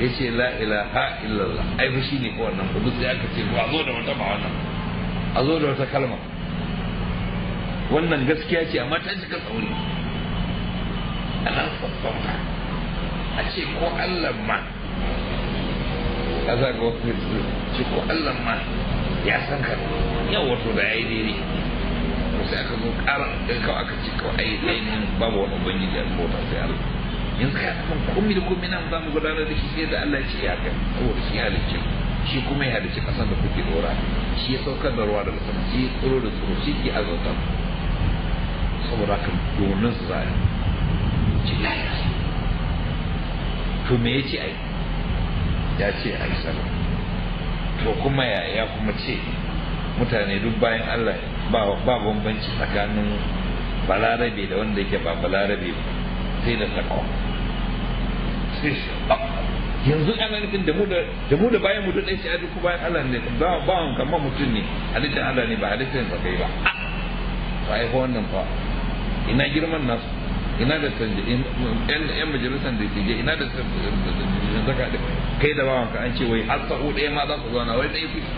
ya ce la ilaha illallah ai fa shine ko wannan kudu sai aka ce ba zo da wata ba wannan a zo da wata kalma wannan gaskiya ce amma ta cika tsauri a nan sassauta a ce ko Allah ma a za ga ce ko Allah ma ya san ka yau wato da ya yi daidai ko sai aka zo ƙara ɗin kawai aka ce kawai a yi daidai babu wani ubangiji a bauta sai Allah yanzu kai akan komai da komai nan za mu gudanar da shi sai da Allah ya ce ya kai saboda shi ya halicce shi kuma ya halici kasan da kuke dora shi ya saukar da ruwa daga sama shi tsoro da tsoro shi ke azauta saboda kan domin su za'a ci to me ya ce ai ya ce ai sallah to kuma ya ya kuma ce mutane duk bayan Allah ba ba bambanci tsakanin balarabe da wanda yake ba balarabe sai da takwa sai shi ah, yanzu ana nufin da mu da da bayan mutum ɗan shi'a duk bayan Allah ne ba ba kamar mutum ne halittar Allah ne ba halittar ba kai ba to aiko wannan ba ina girman nasu ina da sanje yan yan majalisar da ke ina da zaka da kai da bawanka an ce wai har sa'u ɗaya ma za su zauna wai ɗaya kushi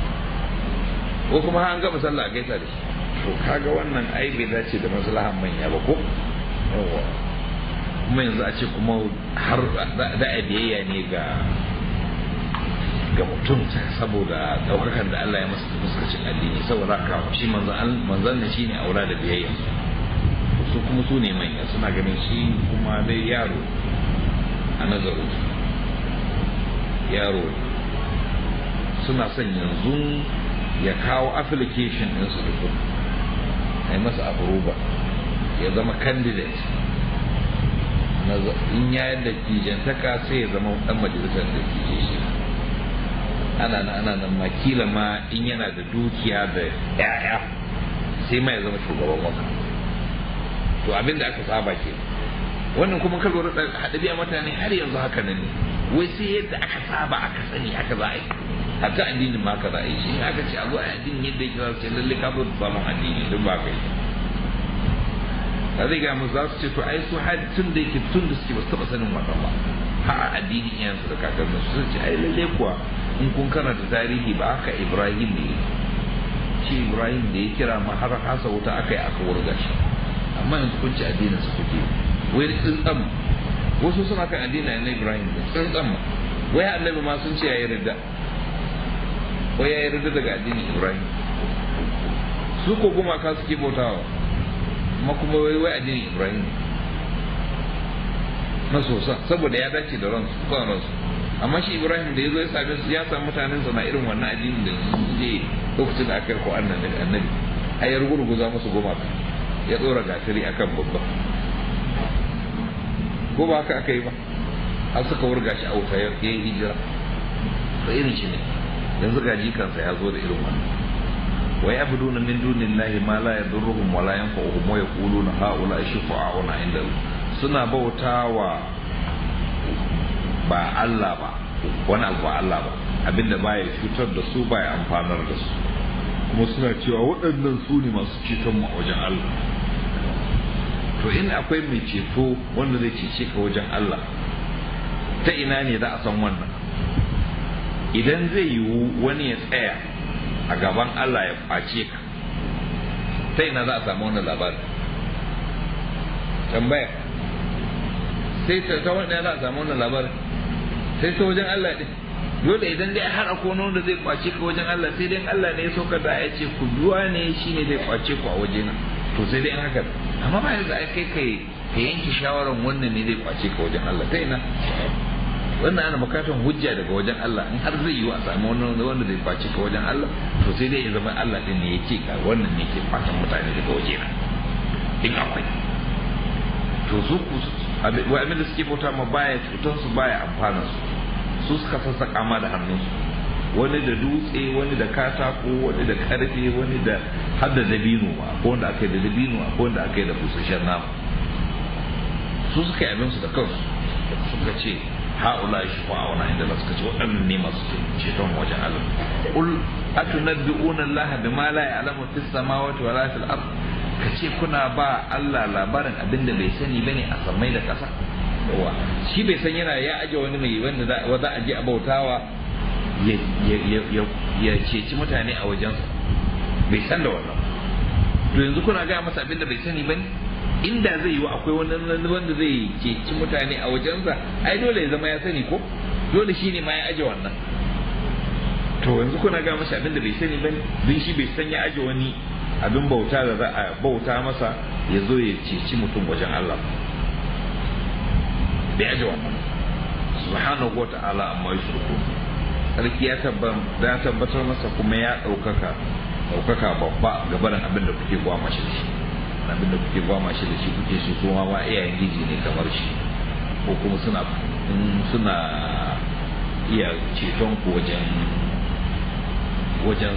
ko kuma an gama sallah a gaisa da shi to kaga wannan ai bai dace da maslahan manya ba ko yawwa kuma yanzu a ce kuma har da'a biyayya ne ga ga mutum saboda daukakan da Allah ya masa ta fuskacin addini saboda ka shi manzan da shi ne aura da biyayya su kuma su ne manya suna ganin shi kuma dai yaro a nazarin yaro suna son yanzu ya kawo application ɗinsu da kuma a yi masa aburuba ya zama candidate in ya yadda kijantaka sai ya zama dan majalisar da kije shi ana nan ana nan makila ma in yana da dukiya da 'ya'ya sai ma ya zama shugaban wata to abin da aka saba ke wannan kuma ka lura haɗabi a mutane har yanzu haka nan ne wai sai yadda aka saba aka sani haka za a yi hatta addinin ma ka za a yi shi aka ce a zo a addinin yadda yake za su ce lallai ka zo samun addini duk ba ka yi da zai gaya musu za su ce to ai su har tun da yake tun da suke ba su taɓa sanin wannan ba ha addini addini su da kakannin su sun ce ai lalle kuwa in kun karanta tarihi ba aka ibrahim ne shi ibrahim da ya kira ma har hasa wuta aka yi aka wurga shi amma yanzu kun ci addinin su kuke wai tsintsan wasu suna kan addinin na ibrahim da tsintsan wai annabi ma sun ce ya yi ridda wai ya yi ridda daga addinin ibrahim su ko ka suke bautawa amma kuma wai wai addini ibrahim na sosan saboda ya dace da ransu son ransu amma shi ibrahim da ya zo ya same su ya samu na irin wannan addinin da su je lokacin da aka yi ko'an nan daga annabi a ya rugurguza musu gumaka ya tsora gatari akan babba ko ba haka aka yi ba a suka wurga shi a wuta ya yi hijira da irin shi ne yanzu gaji kansa ya zo da irin wannan ويعبدون من دون الله ما لا يضرهم ولا ينفعهم ويقولون a wani عند الله suna bautawa ba Allah ba wani abu Allah ba abinda baya cutar da su ya amfanar da su kuma suna cewa waɗannan su ne masu ceton ma wajen Allah to in akwai mai ceto wanda zai cece ka wajen Allah ta ina ne za a san wannan idan zai yiwu wani ya tsaya a gaban Allah ya face ka ta ina za a samu wani labarin tambaya sai ta ta wani za a samu wani labarin sai ta wajen Allah ne. dole idan dai har a kono da zai kwace ka wajen Allah sai dai Allah ne ya sauka da ya ce ku duwa ne shi ne zai kwace ku a wajen to sai dai haka amma ba yadda ai kai kai ka yanke shawarar wannan ne zai kwace ka wajen Allah ta ina wannan ana bukatan hujja daga wajen Allah in har zai yi a samu wani wanda zai baci ka wajen Allah to sai dai ya zama Allah din ne yake ka wannan ne ke fatan mutane daga waje na in akwai to su ku wa amin da suke bauta ma baya cutar su baya amfana su su suka sassaƙa kama da su wani da dutse wani da katako wani da karfe wani da har da dabino ma ko wanda akai yi da dabino ko wanda akai yi da busasshen nama su suka yi su da kansu suka ce inda هؤلاء شفعاءنا عند الله سكت وأني مسجدهم وجه الله قل أتنبئون الله بما لا يعلم في السماوات ولا في الأرض kace kuna ba Allah labarin abin da bai sani bane a samai da ƙasa shi bai san yana ya aje wani mai wanda za a je a bautawa ya ceci mutane a wajen wajensa bai san da wannan to yanzu kuna gaya masa abin da bai sani bane inda zai wa akwai wani wanda zai ceci mutane a wajensa ai dole ya zama ya sani ko dole shine ma ya aje wannan to yanzu kuna ga masa abin da bai sani ba din shi bai san ya aje wani abin bauta da za a bauta masa ya zo ya ceci mutum wajen Allah bai aje wannan subhanahu wa ta'ala amma yushriku sarki ya tabbatar masa kuma ya ɗaukaka ɗaukaka babba gabanin abin da kuke gwa mashi shi abin da kuke gwama shi da shi kuke shi kuma ba iyayen giji ne kamar shi ko kuma suna suna iya ceton ku wajen wajen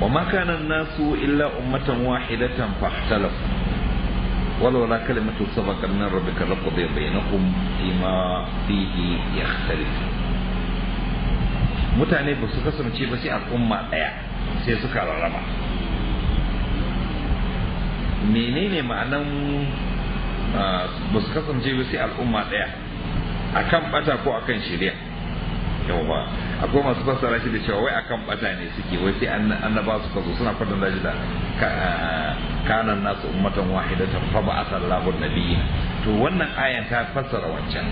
wa makanan nasu illa ummatan wahidatan fahtalafu ولولا كلمة سبق من ربك لقضي بينهم فيما فيه يختلفون mutane ba su kasance ba sai al'umma daya sai suka rarraba menene ma'anan ah, ba su kasance ba sai al'umma ɗaya akan bata ko akan shirya a akwai masu fassara shi da cewa wai akan bata ne suke wai sai annaba su kazo suna fadin da da ah, kanan nasu ummatan wahidatan fa ba na nabiyyi to wannan ayan ta fassara wancan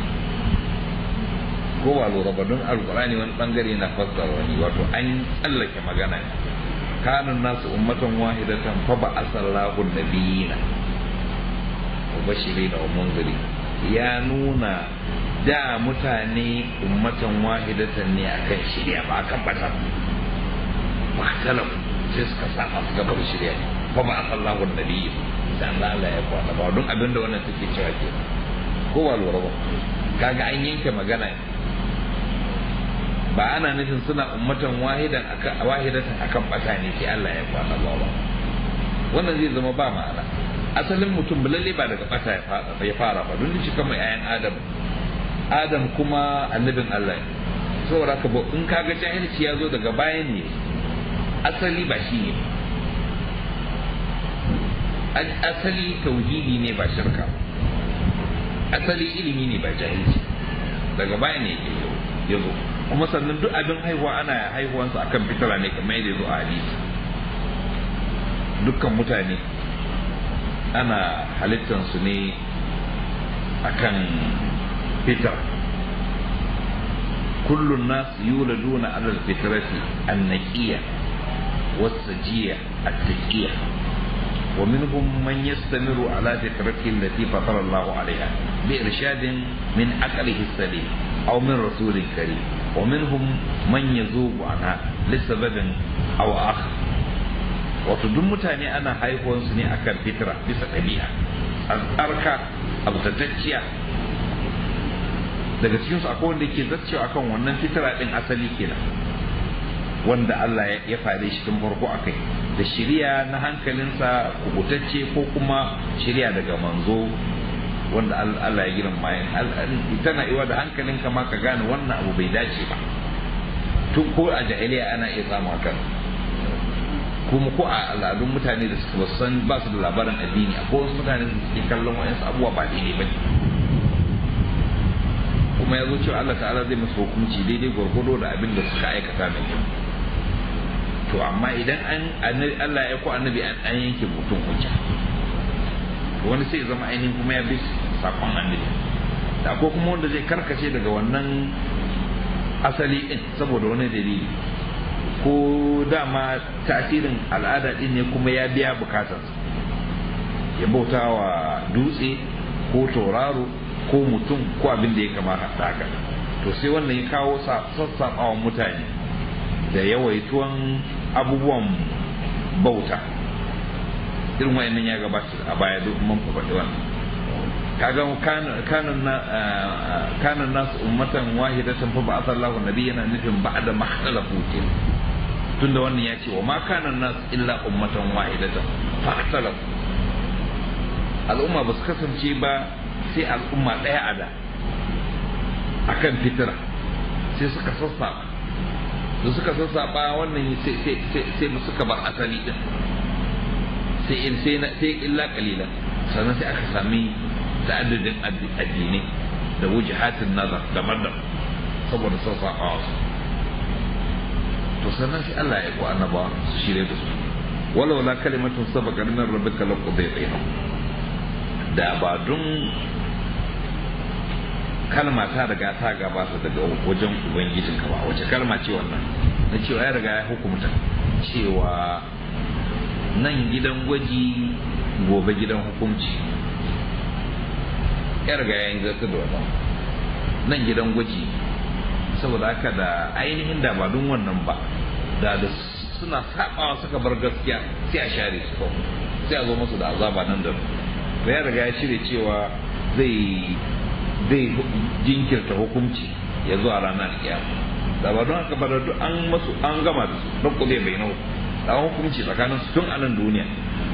ko ba lura ba don alqur'ani wani bangare na fassara wani wato an tsallake magana ne. kanun nasu ummatan wahidatan fa ba asallahu nabiyina wa bashirina ya nuna da mutane ummatan wahidatan ne akan shirya ba akan bata ba talab sai suka saba su gabar shirya ne fa ba asallahu nabiyina Allah ya kwana ba abinda wannan take cewa ke ko kaga an yanke magana ba ana nufin suna ummatan wahidan akan wahidatan akan bata ne ke Allah ya kwana ba ba wannan zai zama ba ma'ana asalin mutum lalle ba daga bata ya fara ba don shi kamar ayan adam adam kuma annabin Allah saboda ka in ga jahilci ya zo daga bayan ne asali ba shi ne asali tauhidi ne ba shirka asali ilimi ne ba jahilci daga bayan ne ya zo kuma sannan duk abin haihuwa ana haihuwansa akan fitara ne kamar yadda zo a hadisi dukkan mutane ana halittansu ne akan fitar kullun nas yuladuna ala alfitrati annaqiyya wasajiyya attaqiyya ومنهم من يستمر على فطرته التي فطر الله عليها بإرشاد من عقله السليم أو من رسول كريم ومنهم من يذوب عنها لسبب أو آخر wato duk mutane ana su ne akan fitra bisa ɗabi'a al'arka abtatacciya daga cikin su akwai wanda ke zaccewa akan wannan fitra ɗin asali kenan wanda Allah ya fare shi tun farko a kai da shirya na hankalinsa kubutacce ko kuma shirya daga manzo wanda Allah ya girma tana iwa da hankalin ka ma ka gane wannan abu bai dace ba tun ko a jahiliya ana iya samu hakan kuma ko a al'adun mutane da suka san ba su da labarin addini akwai wasu mutane da suke kallon wayansu abubuwa ba daidai ba kuma ya zo cewa Allah ta'ala zai masu hukunci daidai gwargwado da abin da suka aikata mai kyau to amma idan an Allah ya ko annabi an yanke mutum hujja da wani sai zama ainihin kuma ya bi sakon annabi da ko kuma wanda zai karkace daga wannan asali din saboda wani dalili ko dama tasirin al'ada din ne kuma ya biya bukatar ya bauta wa dutse ko tauraro ko mutum ko abin da ya kamata haka to sai wannan ya kawo sassafawan mutane da yawaituwan abubuwan bauta irin wayannan ya gabata a baya duk mun faɗi wannan kaga kanun na kanun nasu ummatan wahidatan fa ba'atha Allahu nabiyana nufin ba'da makhtalafu tin tunda wannan ya ce wa ma kanan nas illa ummatan wahidatan fakhtalafu al'umma ba su kasance ba sai al'umma ɗaya a da akan fitira sai suka sassaɓa da suka ba wannan sai suka bar asali din sai in sai na sai illa kalila sannan sai aka sami ta'addudin addini da wujahatin nazar da madar saboda sun saba wasu to sannan sai Allah ya ko annaba su shirye da su walau la kalimatun sabaqat min rabbika laqudi bainahum da ba dun kalma ta riga ta gabata daga wajen ubangijinka ba wace kalma ce wannan na cewa ya riga ya hukumta cewa nan gidan gwaji gobe gidan hukunci yar ga yayin zartar da wannan nan gidan gwaji saboda haka da ainihin da ba don wannan ba da da suna sabawa suka bar gaskiya sai a share su ko sai a zo musu da azaba nan da da ya riga ya shirya cewa zai zai jinkirta hukunci ya zuwa ranar kiyama da ba don haka ba da an masu an gama da su don kuɗe bai nau tsawon hukunci tsakanin su tun anan duniya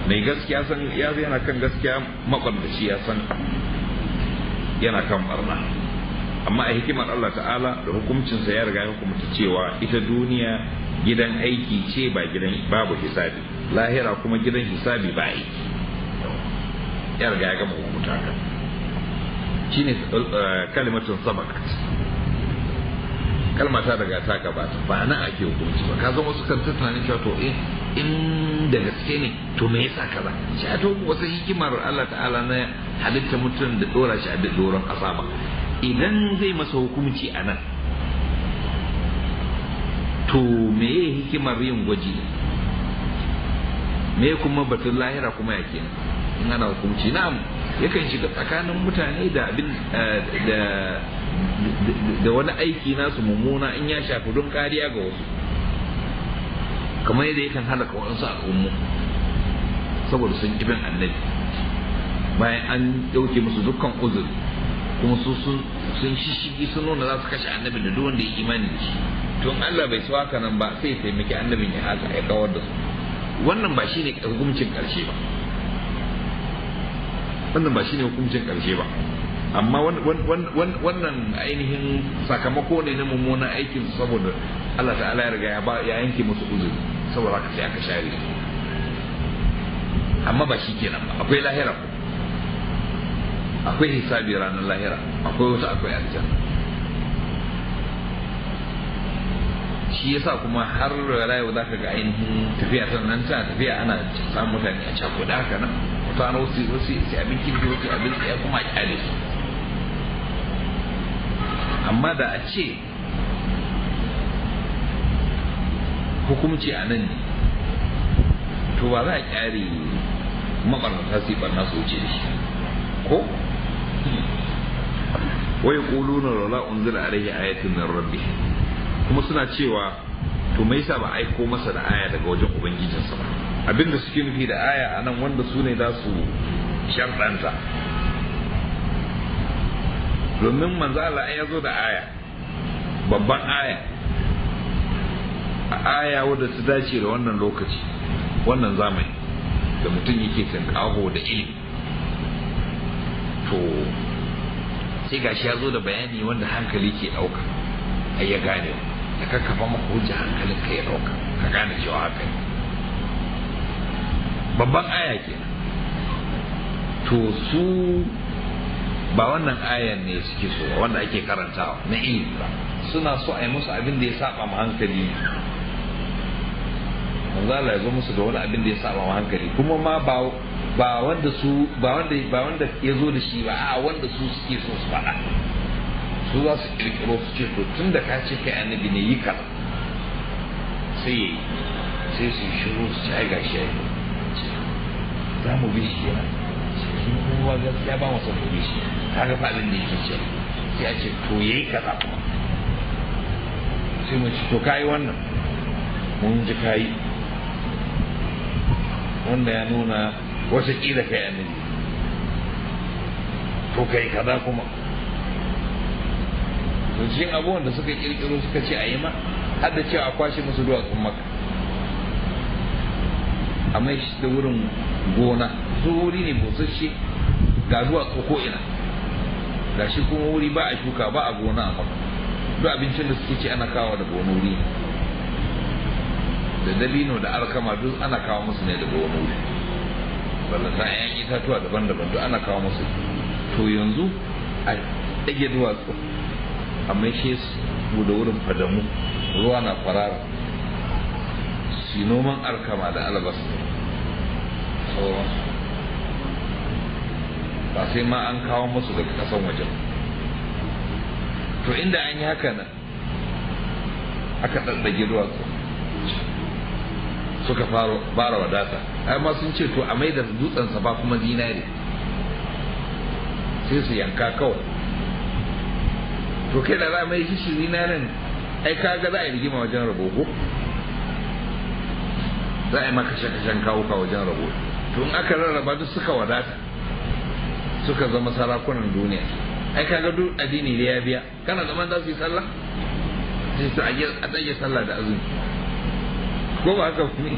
mai gaskiya san ya yana kan gaskiya makwabtaci ya san yana kan barna amma a hikimar Allah ta'ala da hukuncinsa ya riga ya hukunta cewa ita duniya gidan aiki ce ba gidan babu hisabi lahira kuma gidan hisabi ba aiki ya riga ya gama hukunta ka shine eh, kalimatun sabakat kalma ta daga ta gabata ba a ake hukunci ba ka zama wasu kan ta tunanin cewa to in eh, in da gaske ne to me yasa kaza shi a to wasu hikimar Allah ta'ala na halitta mutum da dora shi a duk doron kasa ba idan zai masa hukunci a nan to me ya hikimar yin gwaji me kuma batun lahira kuma ya kenan in ana hukunci na'am yakan shiga tsakanin mutane da abin eh, da da wani aiki nasu mummuna in ya shafi don kariya ga wasu kamar yadda yakan halaka a al'ummu saboda sun ƙi annabi bayan an ɗauke musu dukkan uzur, kuma su sun shishigi sun nuna za su kashe annabi da duwanda ya imani da shi tun Allah bai su haka nan ba sai taimaki annabin ya haka ya kawar da su wannan ba shine hukuncin ƙarshe ba wannan ba shine hukuncin ƙarshe ba amma wannan ainihin sakamako ne na mummuna aikin saboda Allah ta'ala ya riga ya yanke musu uzuri saboda haka sai aka share amma ba shi kenan ba akwai lahira akwai hisabi ranar lahira akwai wata akwai aljanna shi yasa kuma har rayu za ka ga ainihin tafiya sannan ta tafiya ana samun mutane a cakuɗa haka nan mutane wasu wasu abin kirki wasu abin tsaya kuma a kyale su amma da a ce hukumci a nan ne to ba za a kyare mabarnata su yi barna su wuce da shi ko wai ƙuluna a unzila alaihi ayatin min rabbi kuma suna cewa to mai sa ba aiko masa da aya daga wajen ubangijinsa ba abinda suke nufi da aya a nan wanda su ne za su sharɗanta domin manzo Allah ya zo da aya babban aya a aya wadda ta dace da wannan lokaci wannan zamani da mutum yake tankaho da ilimi to sai gashi ya zo da bayani wanda hankali ke ɗauka a ya gane ya kakkafa maka hujja hankalin ka ya ɗauka ka gane cewa haka ne babban aya ke to su ba wannan ayan ne suke so wanda ake karantawa na ilimi ba suna so a yi musu abin da ya saba ma hankali manzo za ya zo musu da wani abin da ya saba ma hankali kuma ma ba wanda su ba wanda ba wanda ya zo da shi ba a wanda su suke so su faɗa su za su kirkiro su ce to tun da ka ce kai annabi ne yi kar sai yayi sai su shiru su ci ai gashi za mu bi shi kenan sun kowa gaskiya ba masa gobe shi kaga ga faɗin da yake ce sai a ce to ya yi kaza sai mu ce to ka yi wannan mun ji ka yi wanda ya nuna wasu ka kai annabi to ka yi kaza kuma to cikin abubuwan da suka ƙirƙiro suka ce a yi ma har da cewa a kwashe musu duwatsun maka amma shi da wurin gona su wuri ne busasshe ga duwatsu ko ina ga shi kuma wuri ba a shuka ba a gona a maka duk abincin da suke ci ana kawo da wuri da dabino da alkama duk ana kawo musu ne da gonori ballata yan itatuwa daban-daban duk ana kawo musu to yanzu a ɗage duwatsu a shi su da wurin fadamu ruwa na farara su noman alkama da albasa sauransu ba sai ma an kawo musu daga kasan wajen to inda an yi haka nan aka ɗaɗɗage duwatsu suka fara wadata amma sun ce to a mai da dutsensa ba kuma zinare sai su yanka kawai to kai da za a mai shi zinaren ai kaga za a yi rigima wajen rabo ko za a yi maka shakashan kawo ka wajen rabo Don aka rarraba duk suka wadata suka zama sarakunan duniya ai kaga duk addini da ya biya kana zaman za su yi sallah sai su a tsaye sallah da azumi ko ba haka ne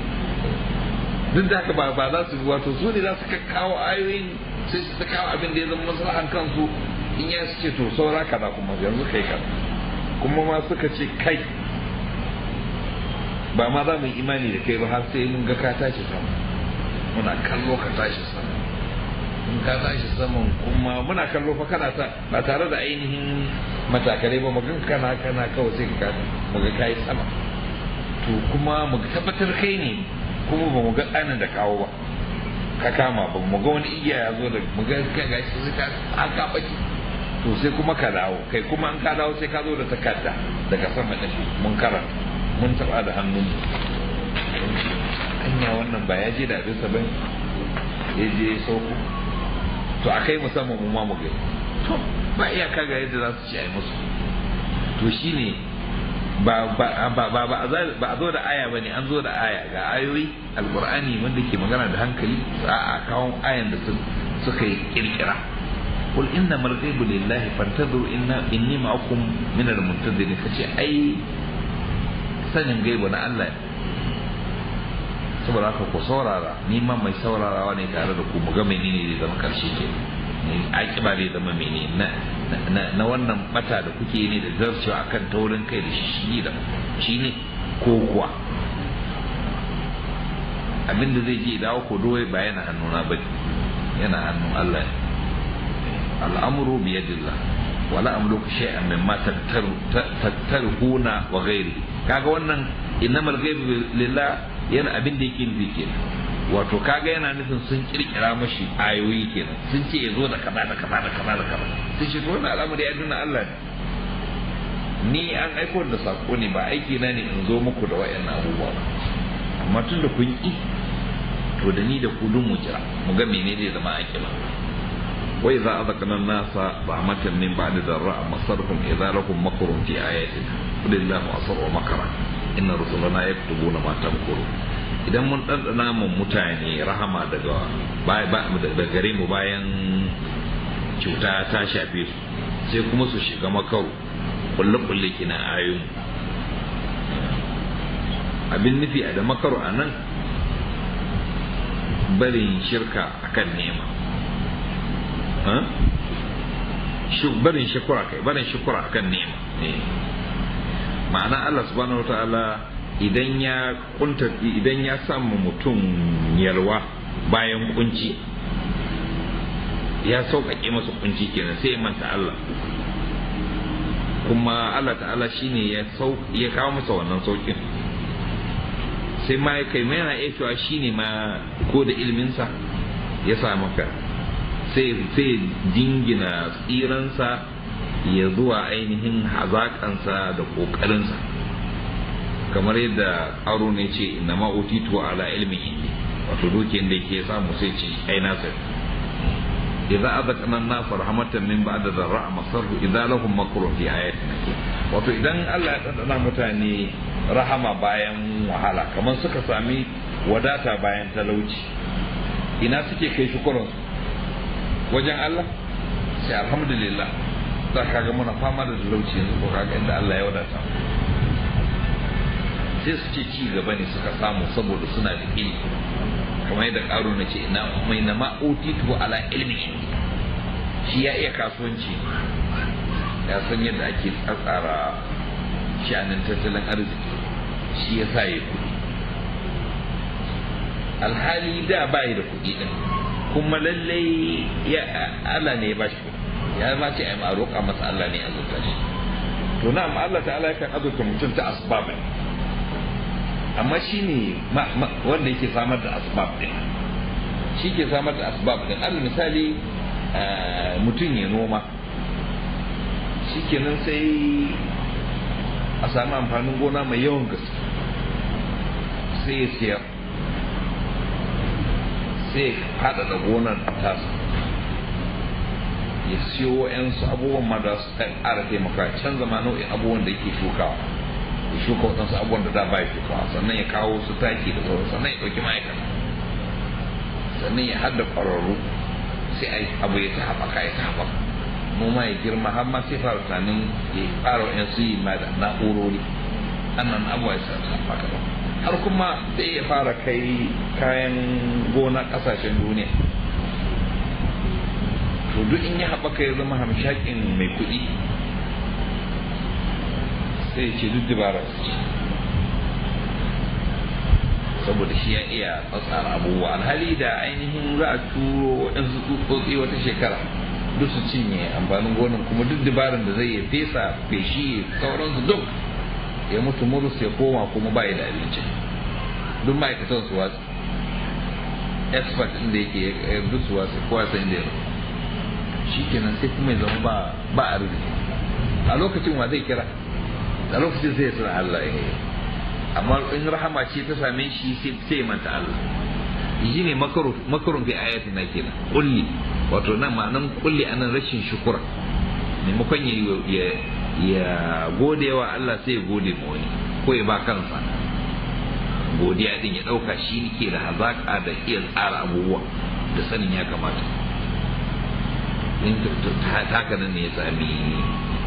duk da haka ba za su wato su ne za su kakkawa ayoyin sai su kawo abin da ya zama maslahan kansu in ya suke to saura da kuma yanzu kai ka kuma ma suka ce kai ba ma za mu yi imani da kai ba har sai mun ga ka tashi sama muna kallo ka tashi sama in ka tashi saman kuma muna kallo fa kana ta ba tare da ainihin matakare ba magan kana kana kawai sai ka muga kai sama to kuma mu tabbatar kai ne kuma ba mu ga tsanin da kawo ba ka kama ba mu ga wani iya ya zo da mu ga ka gashi sai ka aka baki to sai kuma ka dawo kai kuma an ka dawo sai ka zo da takarda daga sama da shi mun karanta mun taba da hannun mu anya wannan ba ya je da abinsa ba ya je ya sauko to a kai musamman mu ma mu gani to ba iyaka ga yadda za su ci a yi musu to ne ba a zo da aya ba ne an zo da aya ga ayoyi alkur'ani wanda ke magana da hankali a kawo ayan da suka yi kirkira قل إنما الغيب لله فانتظروا إن إني معكم من المنتظرين فشي أي sanin gaibu na Allah saboda haka ku saurara ni ma mai saurarawa ne tare da ku mu ga menene zai zama karshe ke kiba zai zama menene na wannan bata da kuke ne da zarcewa akan taurin kai da shi da shi ne ko kuwa abinda zai je dawo ko doye ba yana hannuna ba yana hannun Allah al'amuru yadillah wala amluku shay'an mimma tattaruna wa ghairi kaga wannan innamal ghaibu lillah yana abin da yake nufi kenan wato kaga yana nufin sun kirkira mashi ayoyi kenan sun ce ya zo da kaza da kaza da kaza da kaza sun ce to wannan al'amari ya nuna Allah ne ni an aiko da sako ne ba aiki na ne in zo muku da wayannan abubuwa ba amma tun da kun yi to da ni da ku dun mu jira mu ga menene zai zama ba? wai za a zaka nan nasa ba matan min ba da zarra a masarkum idza lakum makrun fi ayatina qul illahu asru wa makara inna rusulana yaktubuna ma tamkuru idan mun ɗanɗana mu mutane rahama daga daga gare mu bayan cuta ta shafe su sai kuma su shiga makau kulle-kulle kina ayun abin nufi a da makaru a nan barin shirka akan nema barin shukura akan nema eh. ma'ana Allah subhanahu ta'ala idan ya kunta idan ya samu mutum yalwa bayan kunci ya sauƙaƙe masa kunci kenan sai manta Allah kuma Allah ta'ala shine ya ya kawo masa wannan saukin sai ma ya kai yana iya cewa shine ma ko da ilminsa ya sa maka sai sai dingina tsiransa ya zuwa ainihin hazaƙansa da ƙoƙarinsa kamar yadda aro ne ce na ma'utitu ala ilmin indi wato dukiyar da ke samu sai ce ai na idza azaqna an-nas rahmatan min ba'da dharra masarru idza lahum makru fi ayatin wato idan Allah ya tsantsana mutane rahama bayan wahala kamar suka sami wadata bayan talauci ina suke kai shukuran wajen Allah sai alhamdulillah za ka ga muna fama da talauci yanzu ko kaga inda Allah ya wadata sai su ce ci gaba ne suka samu saboda suna da ilimi kamar yadda karo na ce ina mai na tuwa ala ilmi shi ya iya kasuwanci ya san yadda ake tsatsara shanin tattalin arziki shi ya sa ya kuɗi alhali da bayi da kuɗi ɗin kuma lallai ya ala ne ya ba shi kuɗi ya ma ce ai ma roƙa masa Allah ne azurta shi to amma Allah ta'ala yakan azurta mutum ta asbab amma shi ne wanda yake samar da asbab din shi ke samar da asbab din al misali eh, mutum ya noma shi kenan sai a sami amfanin gona mai yawan gaske sai ya siyar sai faɗaɗa gonar tasa ya siyo yansu abubuwan ma da su ƙara taimaka canza zama nau'in abubuwan da yake shukawa ya shuka waɗansu abubuwan da da ba ya shukawa sannan ya kawo su taki da sauran sannan ya ɗauki ma'aikata sannan ya hada ƙwararru sai a abu ya ta haɓaka ya ta haɓaka noma ya girma har ma sai fara tunanin ya fara yansu yi ma da na'urori annan abuwa ya sa haɓaka har kuma sai ya fara kai kayan gona ƙasashen duniya to duk in ya haɓaka ya zama hamshakin mai kuɗi sai ce duk ce saboda shi ya iya tsatsar abubuwa alhali da ainihin za a turo waɗansu tsutsotsi wata shekara duk su cinye amfanin gonan kuma duk dubarin da zai yi fesa feshi sauransu duk ya mutu murus ya koma kuma ba da abinci duk ma'aikatan su wasu expert inda yake eh, duk su wasu kowa sai inda ya shikenan sai kuma ya zama ba ba a a lokacin wa zai kira a lokacin zai tsara Allah ya eh. amma in rahama ce ta same shi sai ya manta Allah shi ne makarun fi ayati na kenan kulli wato nan ma'anan kulli anan rashin shukura maimakon ya ya gode wa Allah sai ya gode mu wani ko ya ba kansa godiya din ya dauka shi ne ke da hazaka da iya tsara abubuwa da sanin ya kamata in haka nan ne ya sami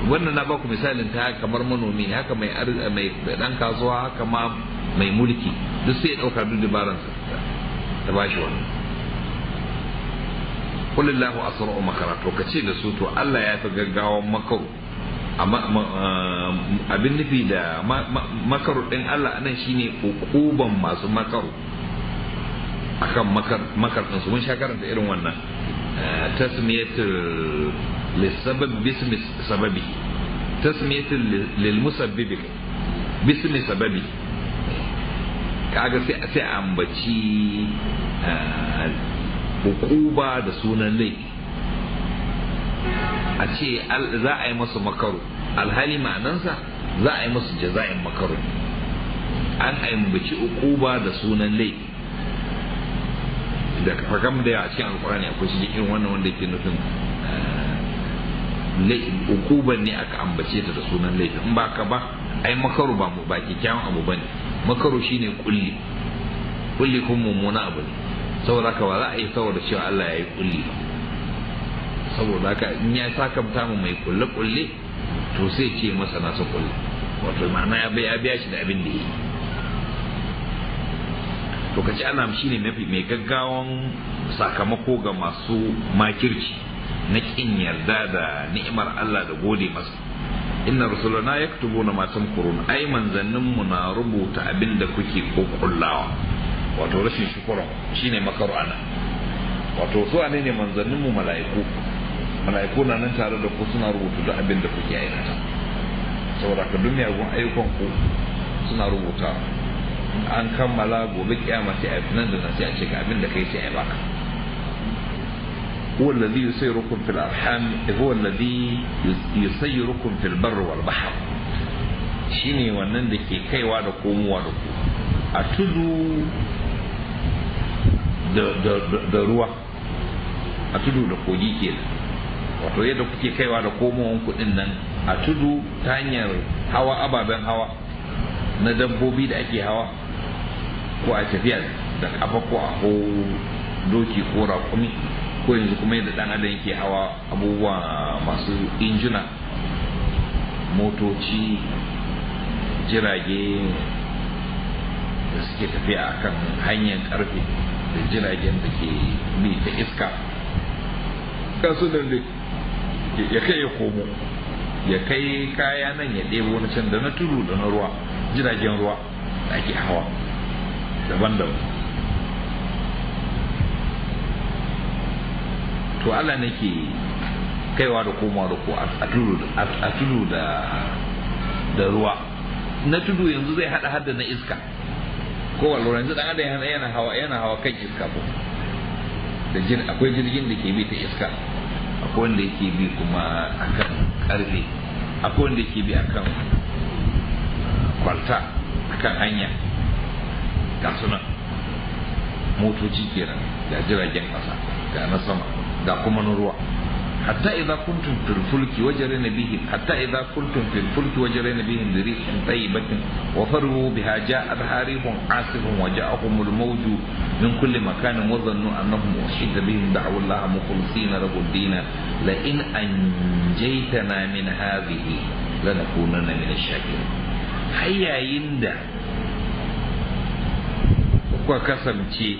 wannan na baku misalin ta kamar manomi haka mai mai dan kasuwa haka ma mai mulki duk sai ya dauka duk dabaran sa ta bashi wannan qul allahu asra'u makara to kace da su to Allah ya fi gaggawan amma ah, abin nufi da makaru din Allah anan shine ukuban masu makaru akan makar makar din su mun sha karanta irin wannan تسمية للسبب باسم سببه تسمية للمسبب باسم سببه kaga sai a ambaci hukuba da sunan laifi a ce za a yi masu makaru alhali ma'anansa za a yi masu jaza'in makaru an aimbaci hukuba da sunan laifi da fakam da ya a cikin alkurani akwai shi irin wannan wanda ke nufin eh, hukuban ne aka ambace ta da sunan laifin in ba ka ba ai makaru ba mu ba kyakkyawan abu ba ne makaru shine kulli kulli kun mummuna abu ne saboda haka ba za a yi saboda cewa Allah ya yi kulli saboda haka in ya sakamta mu mai kulle kulle to sai ce masa nasa kulle wato ma'ana ya biya shi da abin da ya yi to kace ana shine mafi mai gaggawan sakamako ga masu makirci na kin yarda da ni'imar Allah da gode masa inna rusulana yaktubuna ma tamkurun ai manzannin mu na rubuta abin da kuke ko kullawa wato rashin shukuran shine makaru ana wato su ne ne manzannin mu mala'iku mala'iku na nan tare da ku suna rubuta da abin da kuke aikata saboda ka duk gun ayyukan ku suna rubuta. an kammala gobe kiyama sai a nan da sai a ce ka abin da kai sai a baka هو الذي يسيركم في الأرحام هو الذي يسيركم في البر والبحر shine wannan da ke kaiwa da komowa da ku a tudu da ruwa a tudu da kogi ke wato yadda kuke kaiwa da komowan kudin nan a tudu ta hanyar hawa ababen hawa na dabbobi da ake hawa ko a tafiya da kafa ko a hau doki ko raƙumi ko yanzu kuma yadda ɗan adam yake hawa abubuwa masu injina motoci jirage da suke tafiya a kan hanyar ƙarfe da jiragen da ke bi ta iska kasu da ya kai ya komo ya kai kaya nan ya ɗebo na can da na tudu da na ruwa jiragen ruwa da ake hawa daban-daban to Allah nake kaiwa da komawa da ko a tudu da ruwa na tudu yanzu zai hada hada na iska ko wallo yanzu dan adam yana hawa yana hawa kan iska ko da jin akwai jirgin da ke bi ta iska akwai wanda yake bi kuma akan karfe akwai wanda yake bi akan uh, kwalta akan hanya ga sunan motoci kenan jiragen kasa ga na sama ga kuma na ruwa hatta idza kuntum fil fulki wajarna bihim hatta idza kuntum fil fulki tayyibatin wa faru biha harihun asifun wa mawju min kulli makanin wa dhannu annahum uhida bihim da'u Allah mukhlisina lahu ad la in anjaytana min hadhihi lanakunanna min ash-shakirin da kuka kasance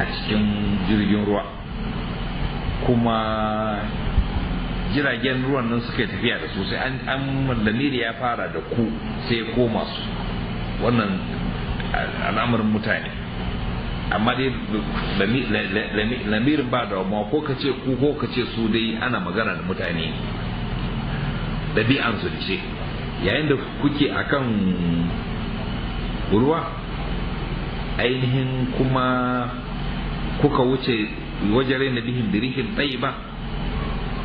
a cikin jirgin ruwa kuma jiragen ruwan nan suka tafiya da su sai an da ya fara da ku sai ya koma su wannan al'amarin mutane amma dai lamirin ba da ma ko ka ce ku ko ka ce su dai ana magana da mutane ɗabi'ansu ce yayin da kuke akan ruwa ainihin kuma kuka wuce wajen na bihin dirihin ɗai ba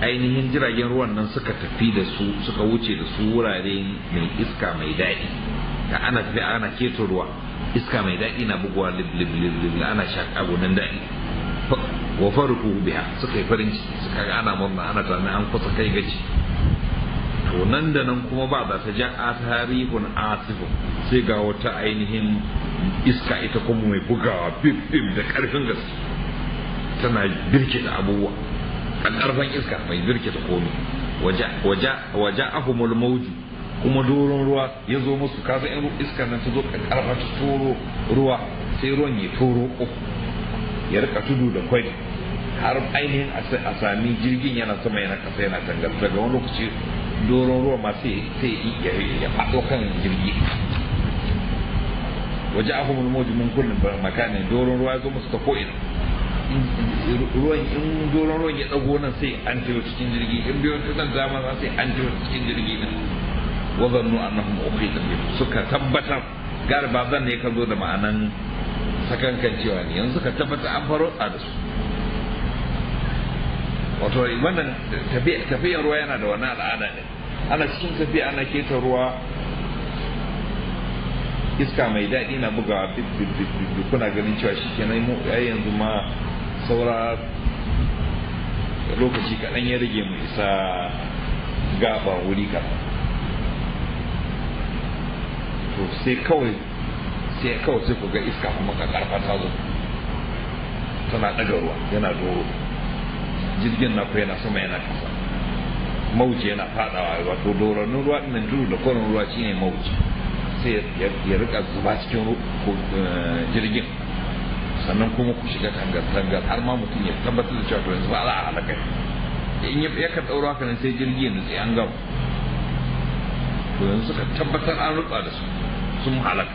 ainihin jiragen ruwan nan suka tafi da su suka wuce da su wurare mai iska mai daɗi da ana tafi ana keto ruwa iska mai daɗi na buguwa liblib ana shaƙa gonin daɗi wa faruku biya suka yi farin ciki suka ana murna ana tunanin an kusa kai gaci to nan da nan kuma ba za ta ja'a tarihun asifun sai ga wata ainihin iska ita kuma mai bugawa bim da karfin gaske tana birkita abubuwa karfin iska mai birkita a waja'ahumul mauji kuma doron ruwa ya zo musu kasa in iska nan ta zo karfa ta toro ruwa sai ruwan ya toro uku ya rika tudu da kwai har ainihin a sami jirgin yana sama yana kasa yana tangar daga wani lokaci doron ruwa ma sai ya faɗo kan jirgi waje a kuma moji mun kullum makanin doron ruwa ya zo musu ta ko'ina ruwan in doron ruwan ya tsago nan sai an tiro cikin jirgi in biyo ta zan zama za sai an tiro cikin jirgi nan wazannu annahum ukhita bi suka tabbatar gar ba zan ne ka zo da ma'anan sakankan cewa ne yanzu ka tabbata an faro a da su wato wannan tafiyar ruwa yana da wannan al'ada ne ana cikin tafiya ana keta ruwa iska mai daɗi na bugawa bibbibbibbi kuna ganin cewa shi kenan ya yanzu ma saura lokaci kaɗan ya rage mu isa gaba wuri kaɗan to sai kawai sai kawai sai ku ga iska kuma ka karfa ta tana ɗaga ruwa yana doro jirgin na kuwa yana sama yana kasa mauci yana fadawa wato doron ruwa ɗin duru da koren ruwa ne mauci sai ya rika zuba cikin eh, jirgin sannan kuma ku shiga tangar-tangar har ma mutum ya tabbatar da cewa to yanzu ba za a halaka in ya ka ɗaura haka sai jirgi ya nutse an gama to yanzu suka tabbatar an rufa da su sun halaka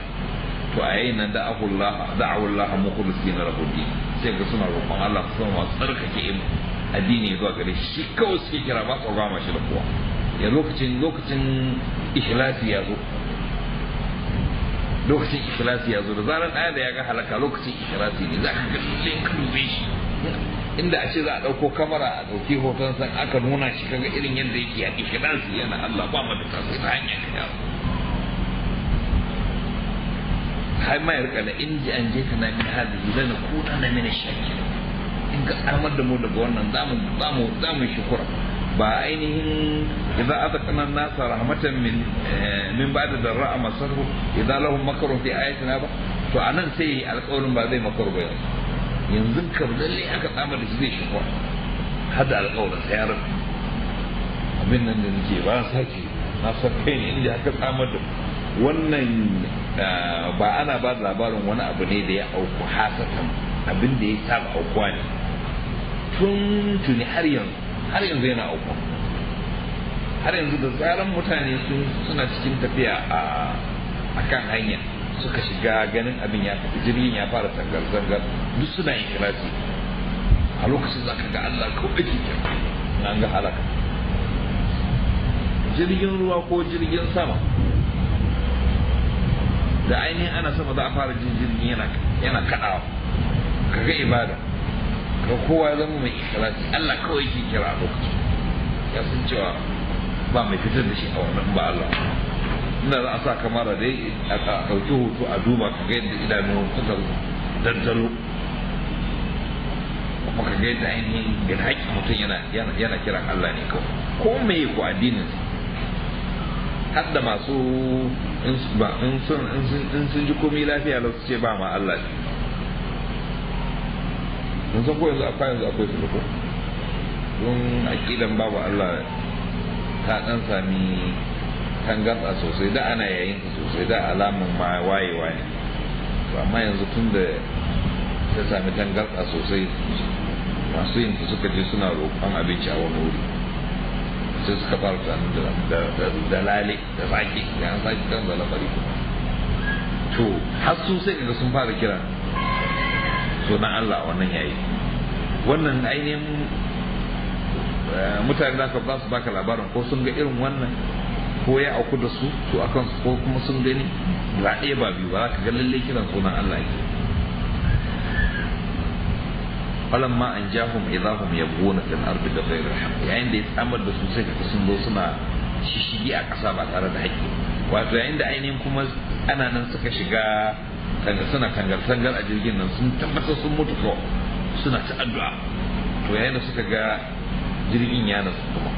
to a yayin nan da'awullah da'awullah mukhlisin lahu din sai ga suna roƙon Allah su san wa tsarkake imu addini zuwa gare shi kawai suke kira ba tsoron shi da kowa ya lokacin lokacin ikhlasi ya zo lokacin ikhlasi ya zo da zarar ɗaya da ya ga halaka lokacin ikhlasi ne za ka ga lullin kalube shi inda a ce za a ɗauko kamara a ɗauki hoton san aka nuna shi kaga irin yadda yake ya ikhlasi yana Allah ba mu da tasiri ta hanyar ka ya hai mai ya rika la in an je kana min hadisi lana kuna na mini shakir in ka samar da mu daga wannan za mu shukura ba ainihin idan aka an-nasa rahmatan min eh, min ba'da darra'a masarhu idan lahum makru fi ayatina ba to anan sai alƙawarin ba zai makaru ba yanzu ka lalle aka samar da shi zai shukura hada alƙawarin sai ya rabu abin nan da nake ba sake na san kai ne inda aka samar da wannan eh, ba ana ba da labarin wani abu ne da ya auku hasatan abin da ya saba aukuwa ne tun tuni har yanzu har yanzu yana auku har yanzu da tsaron mutane suna cikin tafiya a kan hanya suka shiga ganin abin ya fi jirgin ya fara tangar zangar duk suna yin kirafi a lokacin ka ga Allah kawai ke na ga halaka jirgin ruwa ko jirgin sama da ainihin ana sama za a fara jin jirgin yana kaɗawa ga ibada ba kowa ya zama mai ikhlasi Allah kawai ke kira a lokaci ya san cewa ba mai fitar da shi a wannan ba Allah ina za a sa kamara dai a ɗauki hoto a duba ka ga yadda idanun suka dantalo kuma ka ga yadda ainihin ga haƙƙi mutum yana kira Allah ne kawai ko mai ku addinin har da masu in sun ji komai lafiya lokaci ce ba ma Allah ne mun san ko yanzu akwai yanzu akwai su ko don aƙidan babu Allah ta ɗan sami tangarɗa sosai da ana yayin ta sosai da alamun ma wayewa ne to amma yanzu tun da ta sami tangarɗa sosai masu yin ta suka je suna roƙon abinci a wani wuri sai suka fara tsanin da lale da zaki da an zaki kan da lamari to har sai ga sun fara kiran sunan Allah a wannan yayi wannan ainihin eh, mutane da ba su baka labarin ko sun ga irin wannan ko ya auku da su to akan su ko kuma sun gani ba ɗaya ba biyu ba za ka ga lalle kiran sunan Allah yake falan ma an ja hum jahum idahum yabghuna fil ardi da ghayri al-haqq yayin da ya tsamar da su sai ka sun zo suna shishigi a ƙasa ba tare da haƙƙi wato yayin da ainihin kuma ana nan suka shiga suna kangar tangar a jirgin nan sun tabbatar sun mutu ko suna ta addu'a to yayin da suka ga jirgin ya nasu kuma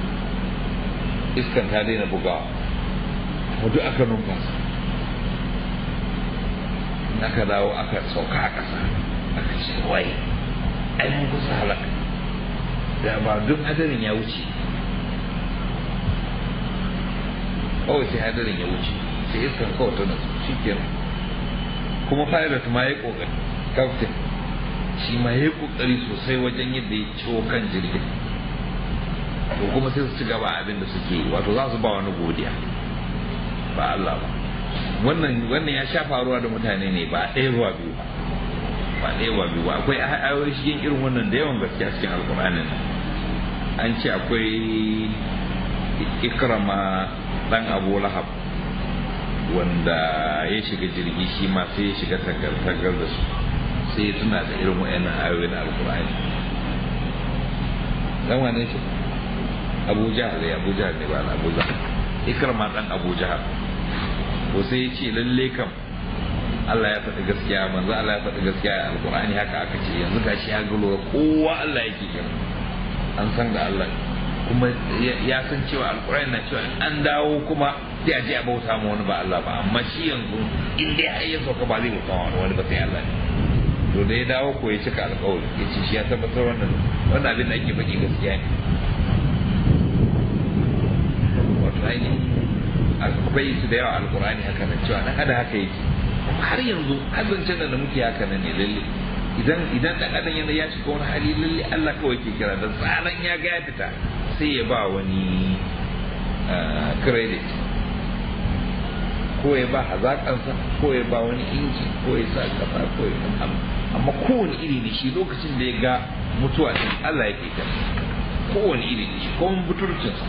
iskan ta daina bugawa wadda aka numfasa aka dawo aka sauka a ƙasa aka ce wai ai mun kusa halaka da ba duk hadarin ya wuce kawai sai hadarin ya wuce sai iskan kawai ta nasu shi kenan kuma pilot ma ya kokari captain shi ma ya kokari sosai wajen yadda ya ciwo kan jirgin to kuma sai su ci gaba abin da suke yi wato za su ba wani godiya ba Allah ba wannan wannan ya sha faruwa da mutane ne ba ɗaya ba biyu ba ba ɗaya ba biyu ba akwai ayoyi cikin irin wannan da yawan gaskiya cikin alƙur'anin an ce akwai ikrama dan abu lahab wanda ya shiga jirgi shi ma sai ya shiga tagar-tagar da su sai ya tuna da irin wa'annan ayoyin na alkur'ani dan wane shi abu jahar ne eh, abu jahar ne ba na abu jahar ikrama dan abu jahar ko sai ya ce lalle kam Allah ya faɗi gaskiya manzo Allah ya faɗi gaskiya a alkur'ani haka aka ce yanzu gashi ya gulo kowa Allah yake kira an san da Allah kuma ya san cewa alkur'ani na cewa an dawo kuma sai a je a bauta ma wani ba Allah ba amma shi yanzu in dai har ya sauka ba zai bauta ma wani ba sai Allah ne to da ya dawo ko ya cika alƙawari ya ci shi ya tabbatar wannan wannan abin da ake baki gaskiya ne wato ainihin akwai su da yawa alkur'ani haka nan cewa dan hada haka yake har yanzu har zancen da muke haka nan ne lalle idan idan dan adam yana ya shiga wani hali lalle Allah kawai ke kira da tsaran ya ga ya fita sai ya ba wani eh, credit ko ya ba hazaƙansa ko ya ba wani inji ko ya sa kafa ko ya amma kowane iri ne shi lokacin da ya ga mutuwa din Allah ya kaita kowane iri ne shi ko buturcinsa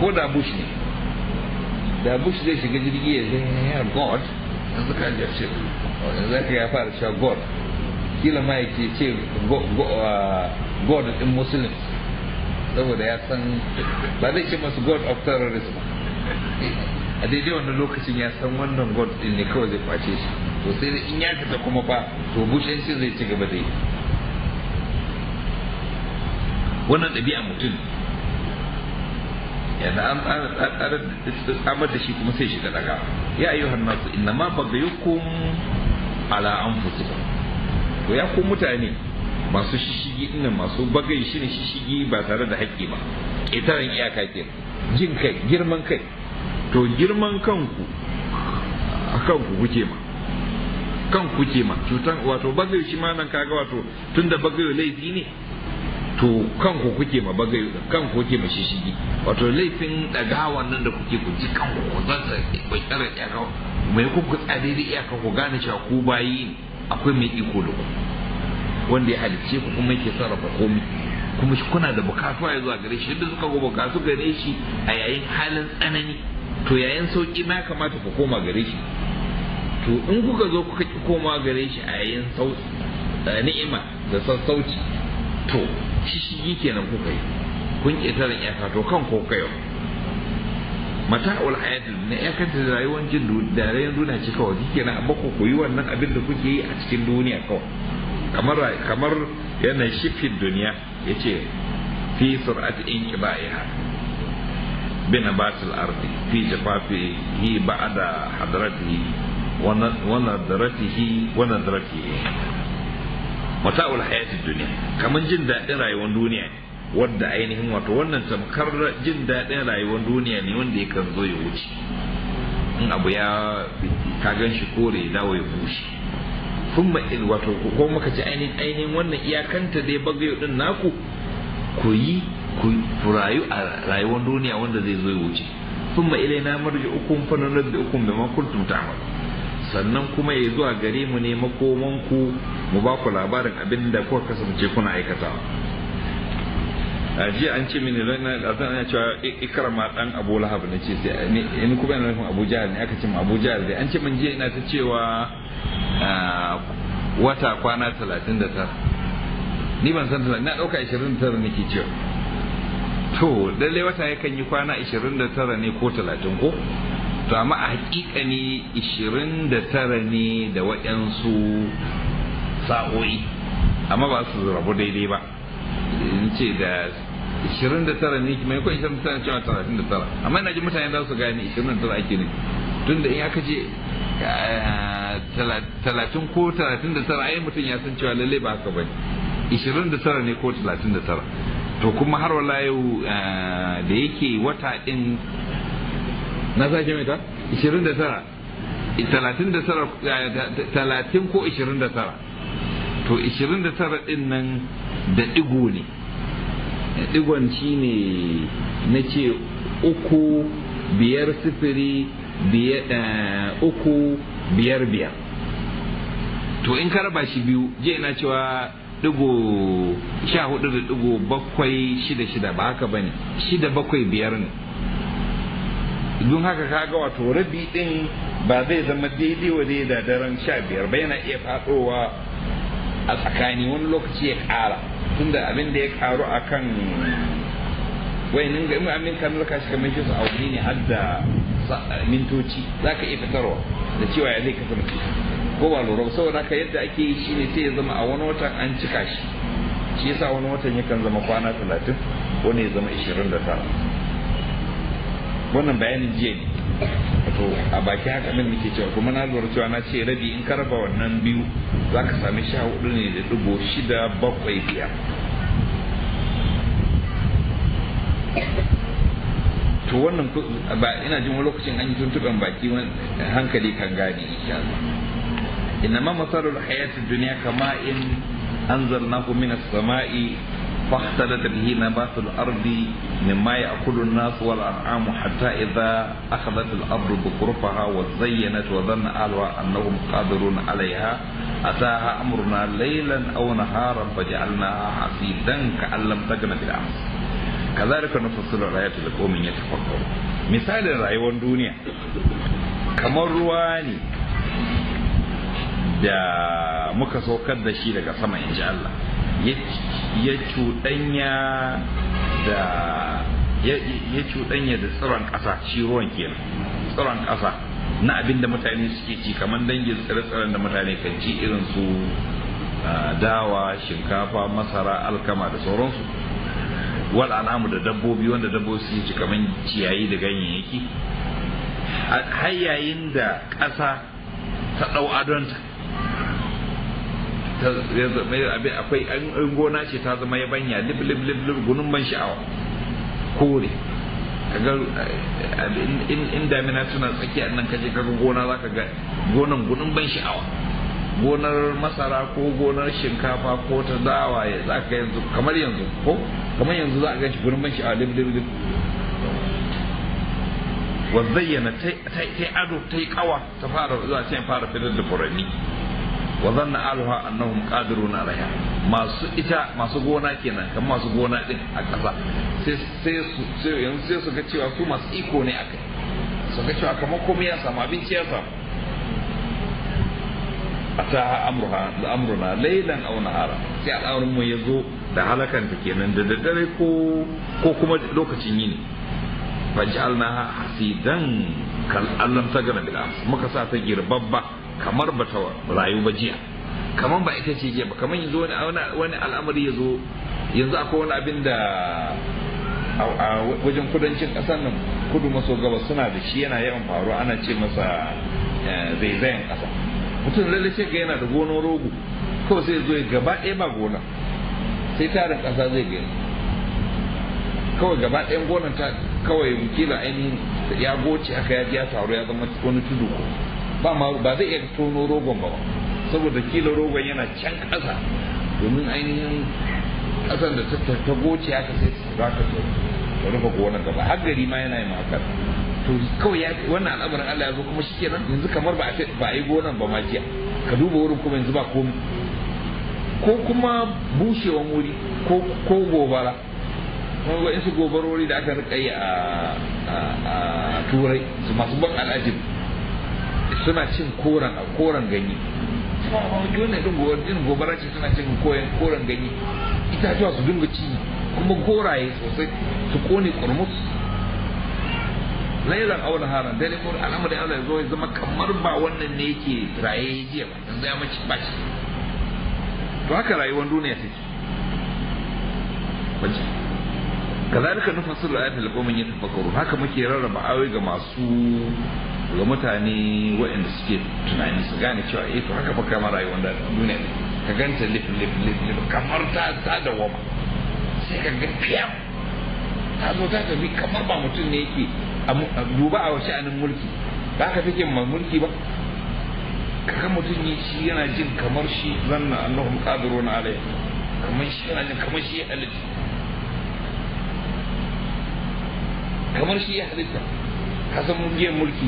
ko da bush ne da bush zai shiga jirgi ya zai god yanzu ka ya ce yanzu ka ya fara cewa god kila ma ya ce ah, god din muslims saboda ya san ba zai ce masu god of terrorism a daidai wannan lokacin ya san wannan god din ne kawai zai kwace shi to sai in ya fita kuma fa to bushenci zai ci gaba da yi wannan ɗabi'a mutum yana an tsamar da shi kuma sai shi da daga ya ayyuhan hannasu inna ma bagayukum ala anfusikum to ya ku mutane masu shishigi dinnan masu bagai shi ne shishigi ba tare da haƙƙi ba ƙetaren iyaka ke jin kai girman kai to girman kanku a kanku kuke ma kanku ke ma cutan wato Bagai shi ma nan kaga wato tunda bagai laifi ne to kanku kuke ma Kan kanku kuke ma shishigi wato laifin dagawan nan da kuke ku ji kanku ku zanta ku tsara iyaka mai ku ku tsare iyaka ku gane cewa ku bayi akwai mai iko da ku wanda ya halicce ku kuma yake sarrafa komai kuma kuna da bukatu ya zuwa gare shi da suka go bukatu gare shi a yayin halin tsanani to yayin sauki ma kamata ku koma gare shi to in kuka zo kuka ki koma gare shi a yayin ni'ima da sassauci to shi shi kenan kuka yi kun tarin ya to kan ko kai mata ul hayatul na ya kanta da rayuwar jin da rayuwar duniya ce kawai kike na abako koyi wannan abin da kuke yi a cikin duniya kawai kamar kamar yana shifin duniya yace fi sur'ati inqibaiha bina batil ardi fi jafafi hi ba'da hadratihi wa nadratihi wa nadratihi mata'ul hayati duniya kaman jin daɗin rayuwar duniya wadda ainihin wato wannan tamkar jin daɗin rayuwar duniya ne wanda yakan zo ya wuce in abu ya ka gan shi kore dawo ya bushe thumma il wato ko muka ci ainihin ainihin wannan iyakanta dai bagayo din naku ku yi ku rayu a rayuwar duniya wanda zai zo ya wuce thumma ilaina marji'ukum fa nunabbi'ukum bima kuntum ta'malun sannan kuma ya zuwa gare mu ne makomanku mu ba ku labarin abinda kuka kasance kuna aikatawa a jiya an ce mini lona azan ya cewa ikrama dan abu lahab na ce sai in kuma ina nufin abu jahal ne aka ce abu jahal dai an ce min jiya ina ta cewa wata kwana talatin da tara ni ban san talatin na ɗauka ashirin da tara nake cewa to lallai wata kan yi kwana ashirin da tara ne ko talatin ko to amma a hakika ne ashirin da tara ne da waɗansu sa'o'i amma ba su rabu daidai ba in ce da ishirin da tara ne maimakon tara cewa talatin da tara amma ina ji mutane za su gane tara ake ne tun da in aka je eh, talatin ko talatin da tara ai mutum ya san cewa lalle ba haka bane ishirin da tara ne ko talatin da tara to kuma har wala yau eh, da yake wata din na sake mai ta ishirin da tara talatin da tara eh, talatin ko ishirin da tara to ishirin da tara din nan da digo ne digon shi ne na ce uku biyar sifiri eh, uku biyar biyar to in ka raba shi biyu je na cewa digo sha hudu da digo bakwai shida shida ba haka bane shida bakwai biyar ne don haka ka gawa wato rabi din ba zai zama daidai wa da daren sha biyar ba yana iya fadowa a tsakani wani lokaci ya ƙara tunda abin da ya karu a kan wayannan ga imin amin kamar ka shiga mai su auni ne har da mintoci za ka iya fitarwa da cewa ya zai kasance ko ba lura ba saboda ka yadda ake yi shine sai ya zama a wani watan an cika shi shi yasa wani watan yakan zama kwana talatin wani ya zama ishirin da tara wannan bayanin jiya ne to a baki haka nan muke cewa kuma na lura cewa na ce rabi in ka raba wannan biyu za ka sami sha hudu ne da dubu shida bakwai biyar to wannan ba ina jin wani lokacin an yi tuntuɓen baki hankali kan gane insha Allah inna ma masarul hayatid dunya kama in anzalnahu mina sama'i فاختلط به نبات الأرض مما يأكل الناس والأنعام حتى إذا أخذت الأرض بقرفها وزينت وظن أهلها أنهم قادرون عليها أتاها أمرنا ليلا أو نهارا فجعلناها حصيدا كأن لم تكن بالأمس كذلك نفصل الآيات لقوم يتفكرون مثال رأيون دنيا kamar ruwa ne da muka saukar da shi daga sama in ji Allah ya cuɗanya da ya da tsiron ƙasa shi ruwan kenan tsiron ƙasa na abin da mutane suke ci kamar dangin tsire-tsiren da mutane kan ci irin su dawa shinkafa masara alkama da sauransu wal anamu da dabbobi wanda dabbobi suke ci kamar ciyayi da ganyayyaki har yayin da ƙasa ta ɗau adonta akwai an gona ce ta zama yabanya lib lib lib lib gunun ban sha'awa kore eh, in damina suna tsakiya nan kaje ga gona zaka ga gonan gunun ban sha'awa gonar masara ko gonar shinkafa ko ta dawa ya zaka yanzu kamar yanzu ko kamar yanzu za a ganshi gunun ban sha'awa lib lib lib wa zayyana ta ado ta yi kawa ta fara zuwa sai fara fitar da furanni wa zanna aluha annahum qadiruna alaiha masu ita masu gona kenan kan masu gona din a ƙasa sai sai su sai yanzu sai su ga cewa su masu iko ne akai su ga cewa kamar komai ya samu abinci ya samu ataha amruha amruna laylan aw nahara sai al'amarin mu yazo da halakan ta kenan da daddare ko ko kuma lokacin yini faj'alnaha hasidan kal allam sagana bil ams muka sa ta girbabba kamar ba ta rayu ba jiya kamar ba ita ce jiya ba kamar yanzu wani al'amari ya zo yanzu akwai wani abin da a wajen kudancin ƙasar nan kudu maso gabas suna da shi yana yawan faruwa ana ce masa eh, zaizayen ƙasa mutum lalle ce ga yana da gonar rogo kawai sai zo gaba ɗaya ba gona sai tarin ƙasa zai gani kawai gaba ɗayan gonar ta kawai wakila ainihin ya goce aka ya taru ya zama wani tudu ba ma ba zai iya tono rogon ba saboda kila rogon yana can ƙasa domin ainihin ƙasan da ta goce aka sai za ka so ta rufe gonar gaba har gari ma yana yin makar to kawai ya wannan al'amarin Allah ya zo kuma shi kenan yanzu kamar ba a yi gonar ba ma jiya ka duba wurin kuma yanzu ba komai ko kuma bushewan wuri ko gobara wani su gobarori da aka rika yi a turai su masu ban al'ajin suna cin koren a koren ganye wannan din gobara din gobara ce suna cin koren koren ganye itatuwa su dinga ci kuma goraye sosai su kone kurmus laila aula haran dare ko al'amari Allah ya zo ya zama kamar ba wannan ne yake raye jiya ba yanzu ya mace ba to haka rayuwar duniya take kazalika nufassilu ayatul qaumin yatafakkarun haka muke rarraba ayoyi ga masu ga mutane waɗanda suke tunani su gane cewa eh to haka fa kama rayuwar da ne ka ganta lif lif lif lif kamar ta ta da sai ka ga fiyam ta zo tafi kamar ba mutum ne yake duba a sha'anin mulki ba ka fi ma mulki ba kaga mutum ne shi yana jin kamar shi zanna annahum qadirun alayhi kamar shi yana jin kamar shi halitta kamar shi ya halitta kasan giyan mulki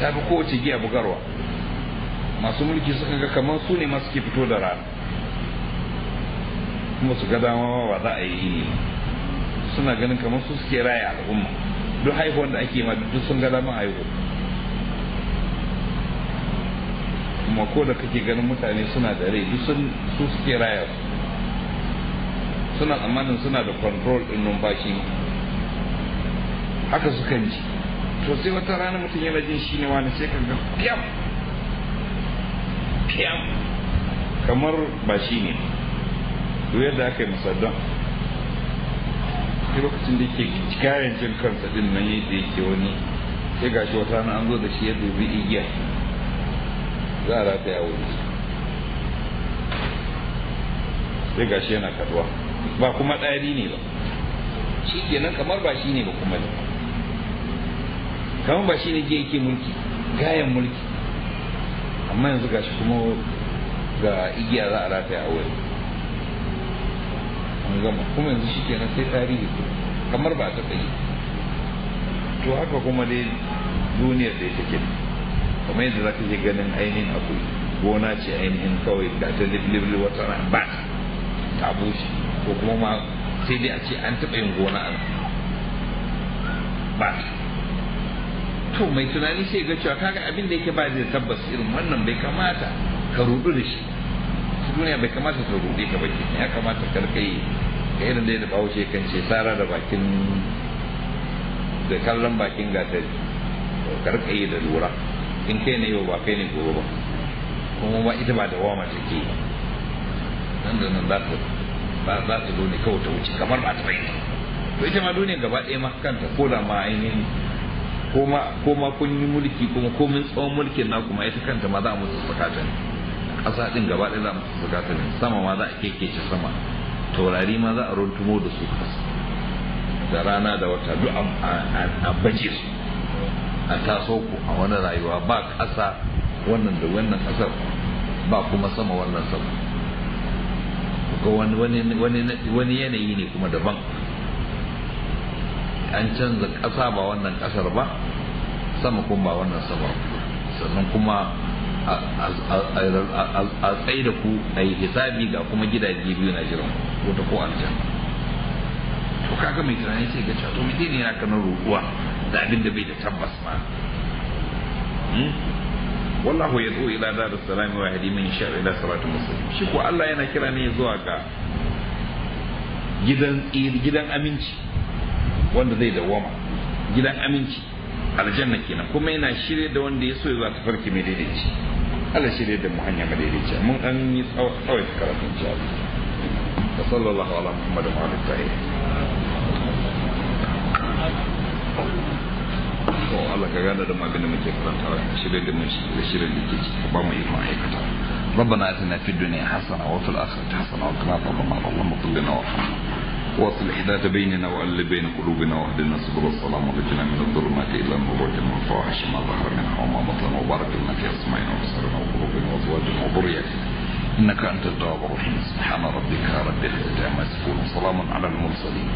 ta fi kowace giya bugarwa masu mulki suka ga kamar su ne masu ke fito da rana kuma su ga dama ba za a yi suna ganin kamar su suke raya al'umma duk haihuwan da ake ma duk sun ga dama haihu kuma ko da kake ganin mutane suna da rai duk su suke raya suna tsammanin suna da control din numfashi haka sukan ji to sai wata rana mutum yana jin shi ne wani sai ka ga fiyam fiyam kamar ba shi ne to yadda aka yi musaddan sai lokacin da yake kayan jin kansa din nan yadda yake wani sai gashi wata rana an zo da shi yadda zai igiya za a rataya wuce sai gashi yana kaduwa ba kuma ɗari ne ba shi kenan kamar ba shi ne ba kuma ne kamar ba shi ne ke yake mulki gayan mulki amma yanzu shi kuma ga igiya za a rataya a wuri an gama kuma yanzu shi kenan sai tarihi kamar ba ta tsaye to haka kuma dai duniyar da ita ke kamar yadda za ka je ganin ainihin akwai gona ce ainihin kawai da ta liblibli wata ran ba ta bushe ko kuma ma sai dai a ce an taɓa yin gona a ba to mai tunani sai ga cewa kaga abin da yake ba zai tabbas irin wannan bai kamata ka rudu da shi duniya bai kamata ka rude ka baki ya kamata ka kai ka irin da ya dafa wuce kan ce tsara da bakin da kallon bakin gatari ka yi da lura in kai ne yau ba kai ne gobe ba kuma ba ita ba da wama ke yi nan da nan za ta za ta zo ne kawai ta wuce kamar ba ta bai to ita ma duniya gaba ɗaya ma kanta ko da ma ainihin ko ma kun yi mulki kuma komin tsawon mulkin na kuma ita kanta ma za a mutu sakata ne ƙasa ɗin gaba ɗaya za mu mutu sakata ne sama ma za a kekece sama taurari ma za a runtumo da su da rana da wata duk a baje su a taso ku a wani rayuwa ba ƙasa wannan da wannan ƙasar ba kuma sama wannan sama wani yanayi ne kuma daban an canza ƙasa ba wannan ƙasar ba sama kuma ba wannan sama sannan kuma a tsaye da ku a yi hisabi ga kuma gidaje biyu na jiran ko ta ko aljanna to kaga mai tunani sai ga cewa to mutum ne yana kanar rukuwa da abin da bai da tabbas ma hmm? wallahu ya zo ila da salami wa hadimin min shar ila salatul muslim shi ko Allah yana kira ne zuwa ga gidan gidan aminci wanda zai dawwama gidan aminci aljanna kenan kuma yana shirye da wanda ya so ya zata farki mai daidaici Allah shirye da mu hanya mai daidaici mun an yi tsawai karatun jabi wa sallallahu ala muhammadin wa alihi tahi to Allah ka gada da magana muke karanta shirye da mu shirye da ke ba mu yi ma'aikata ربنا اتنا في الدنيا حسنه وفي الاخره حسنه وقنا عذاب النار اللهم لنا وارحمنا واصل احداث بيننا والف بين قلوبنا واهدنا سبل السلام ونجنا من الظلمات الى النور واجعلنا من الفواحش ما ظهر منها وما بطن وبارك لنا في اسمائنا وابصارنا وقلوبنا وازواجنا وذرياتنا انك انت التواب الرحيم سبحان ربك رب العزه عما يصفون وسلام على المرسلين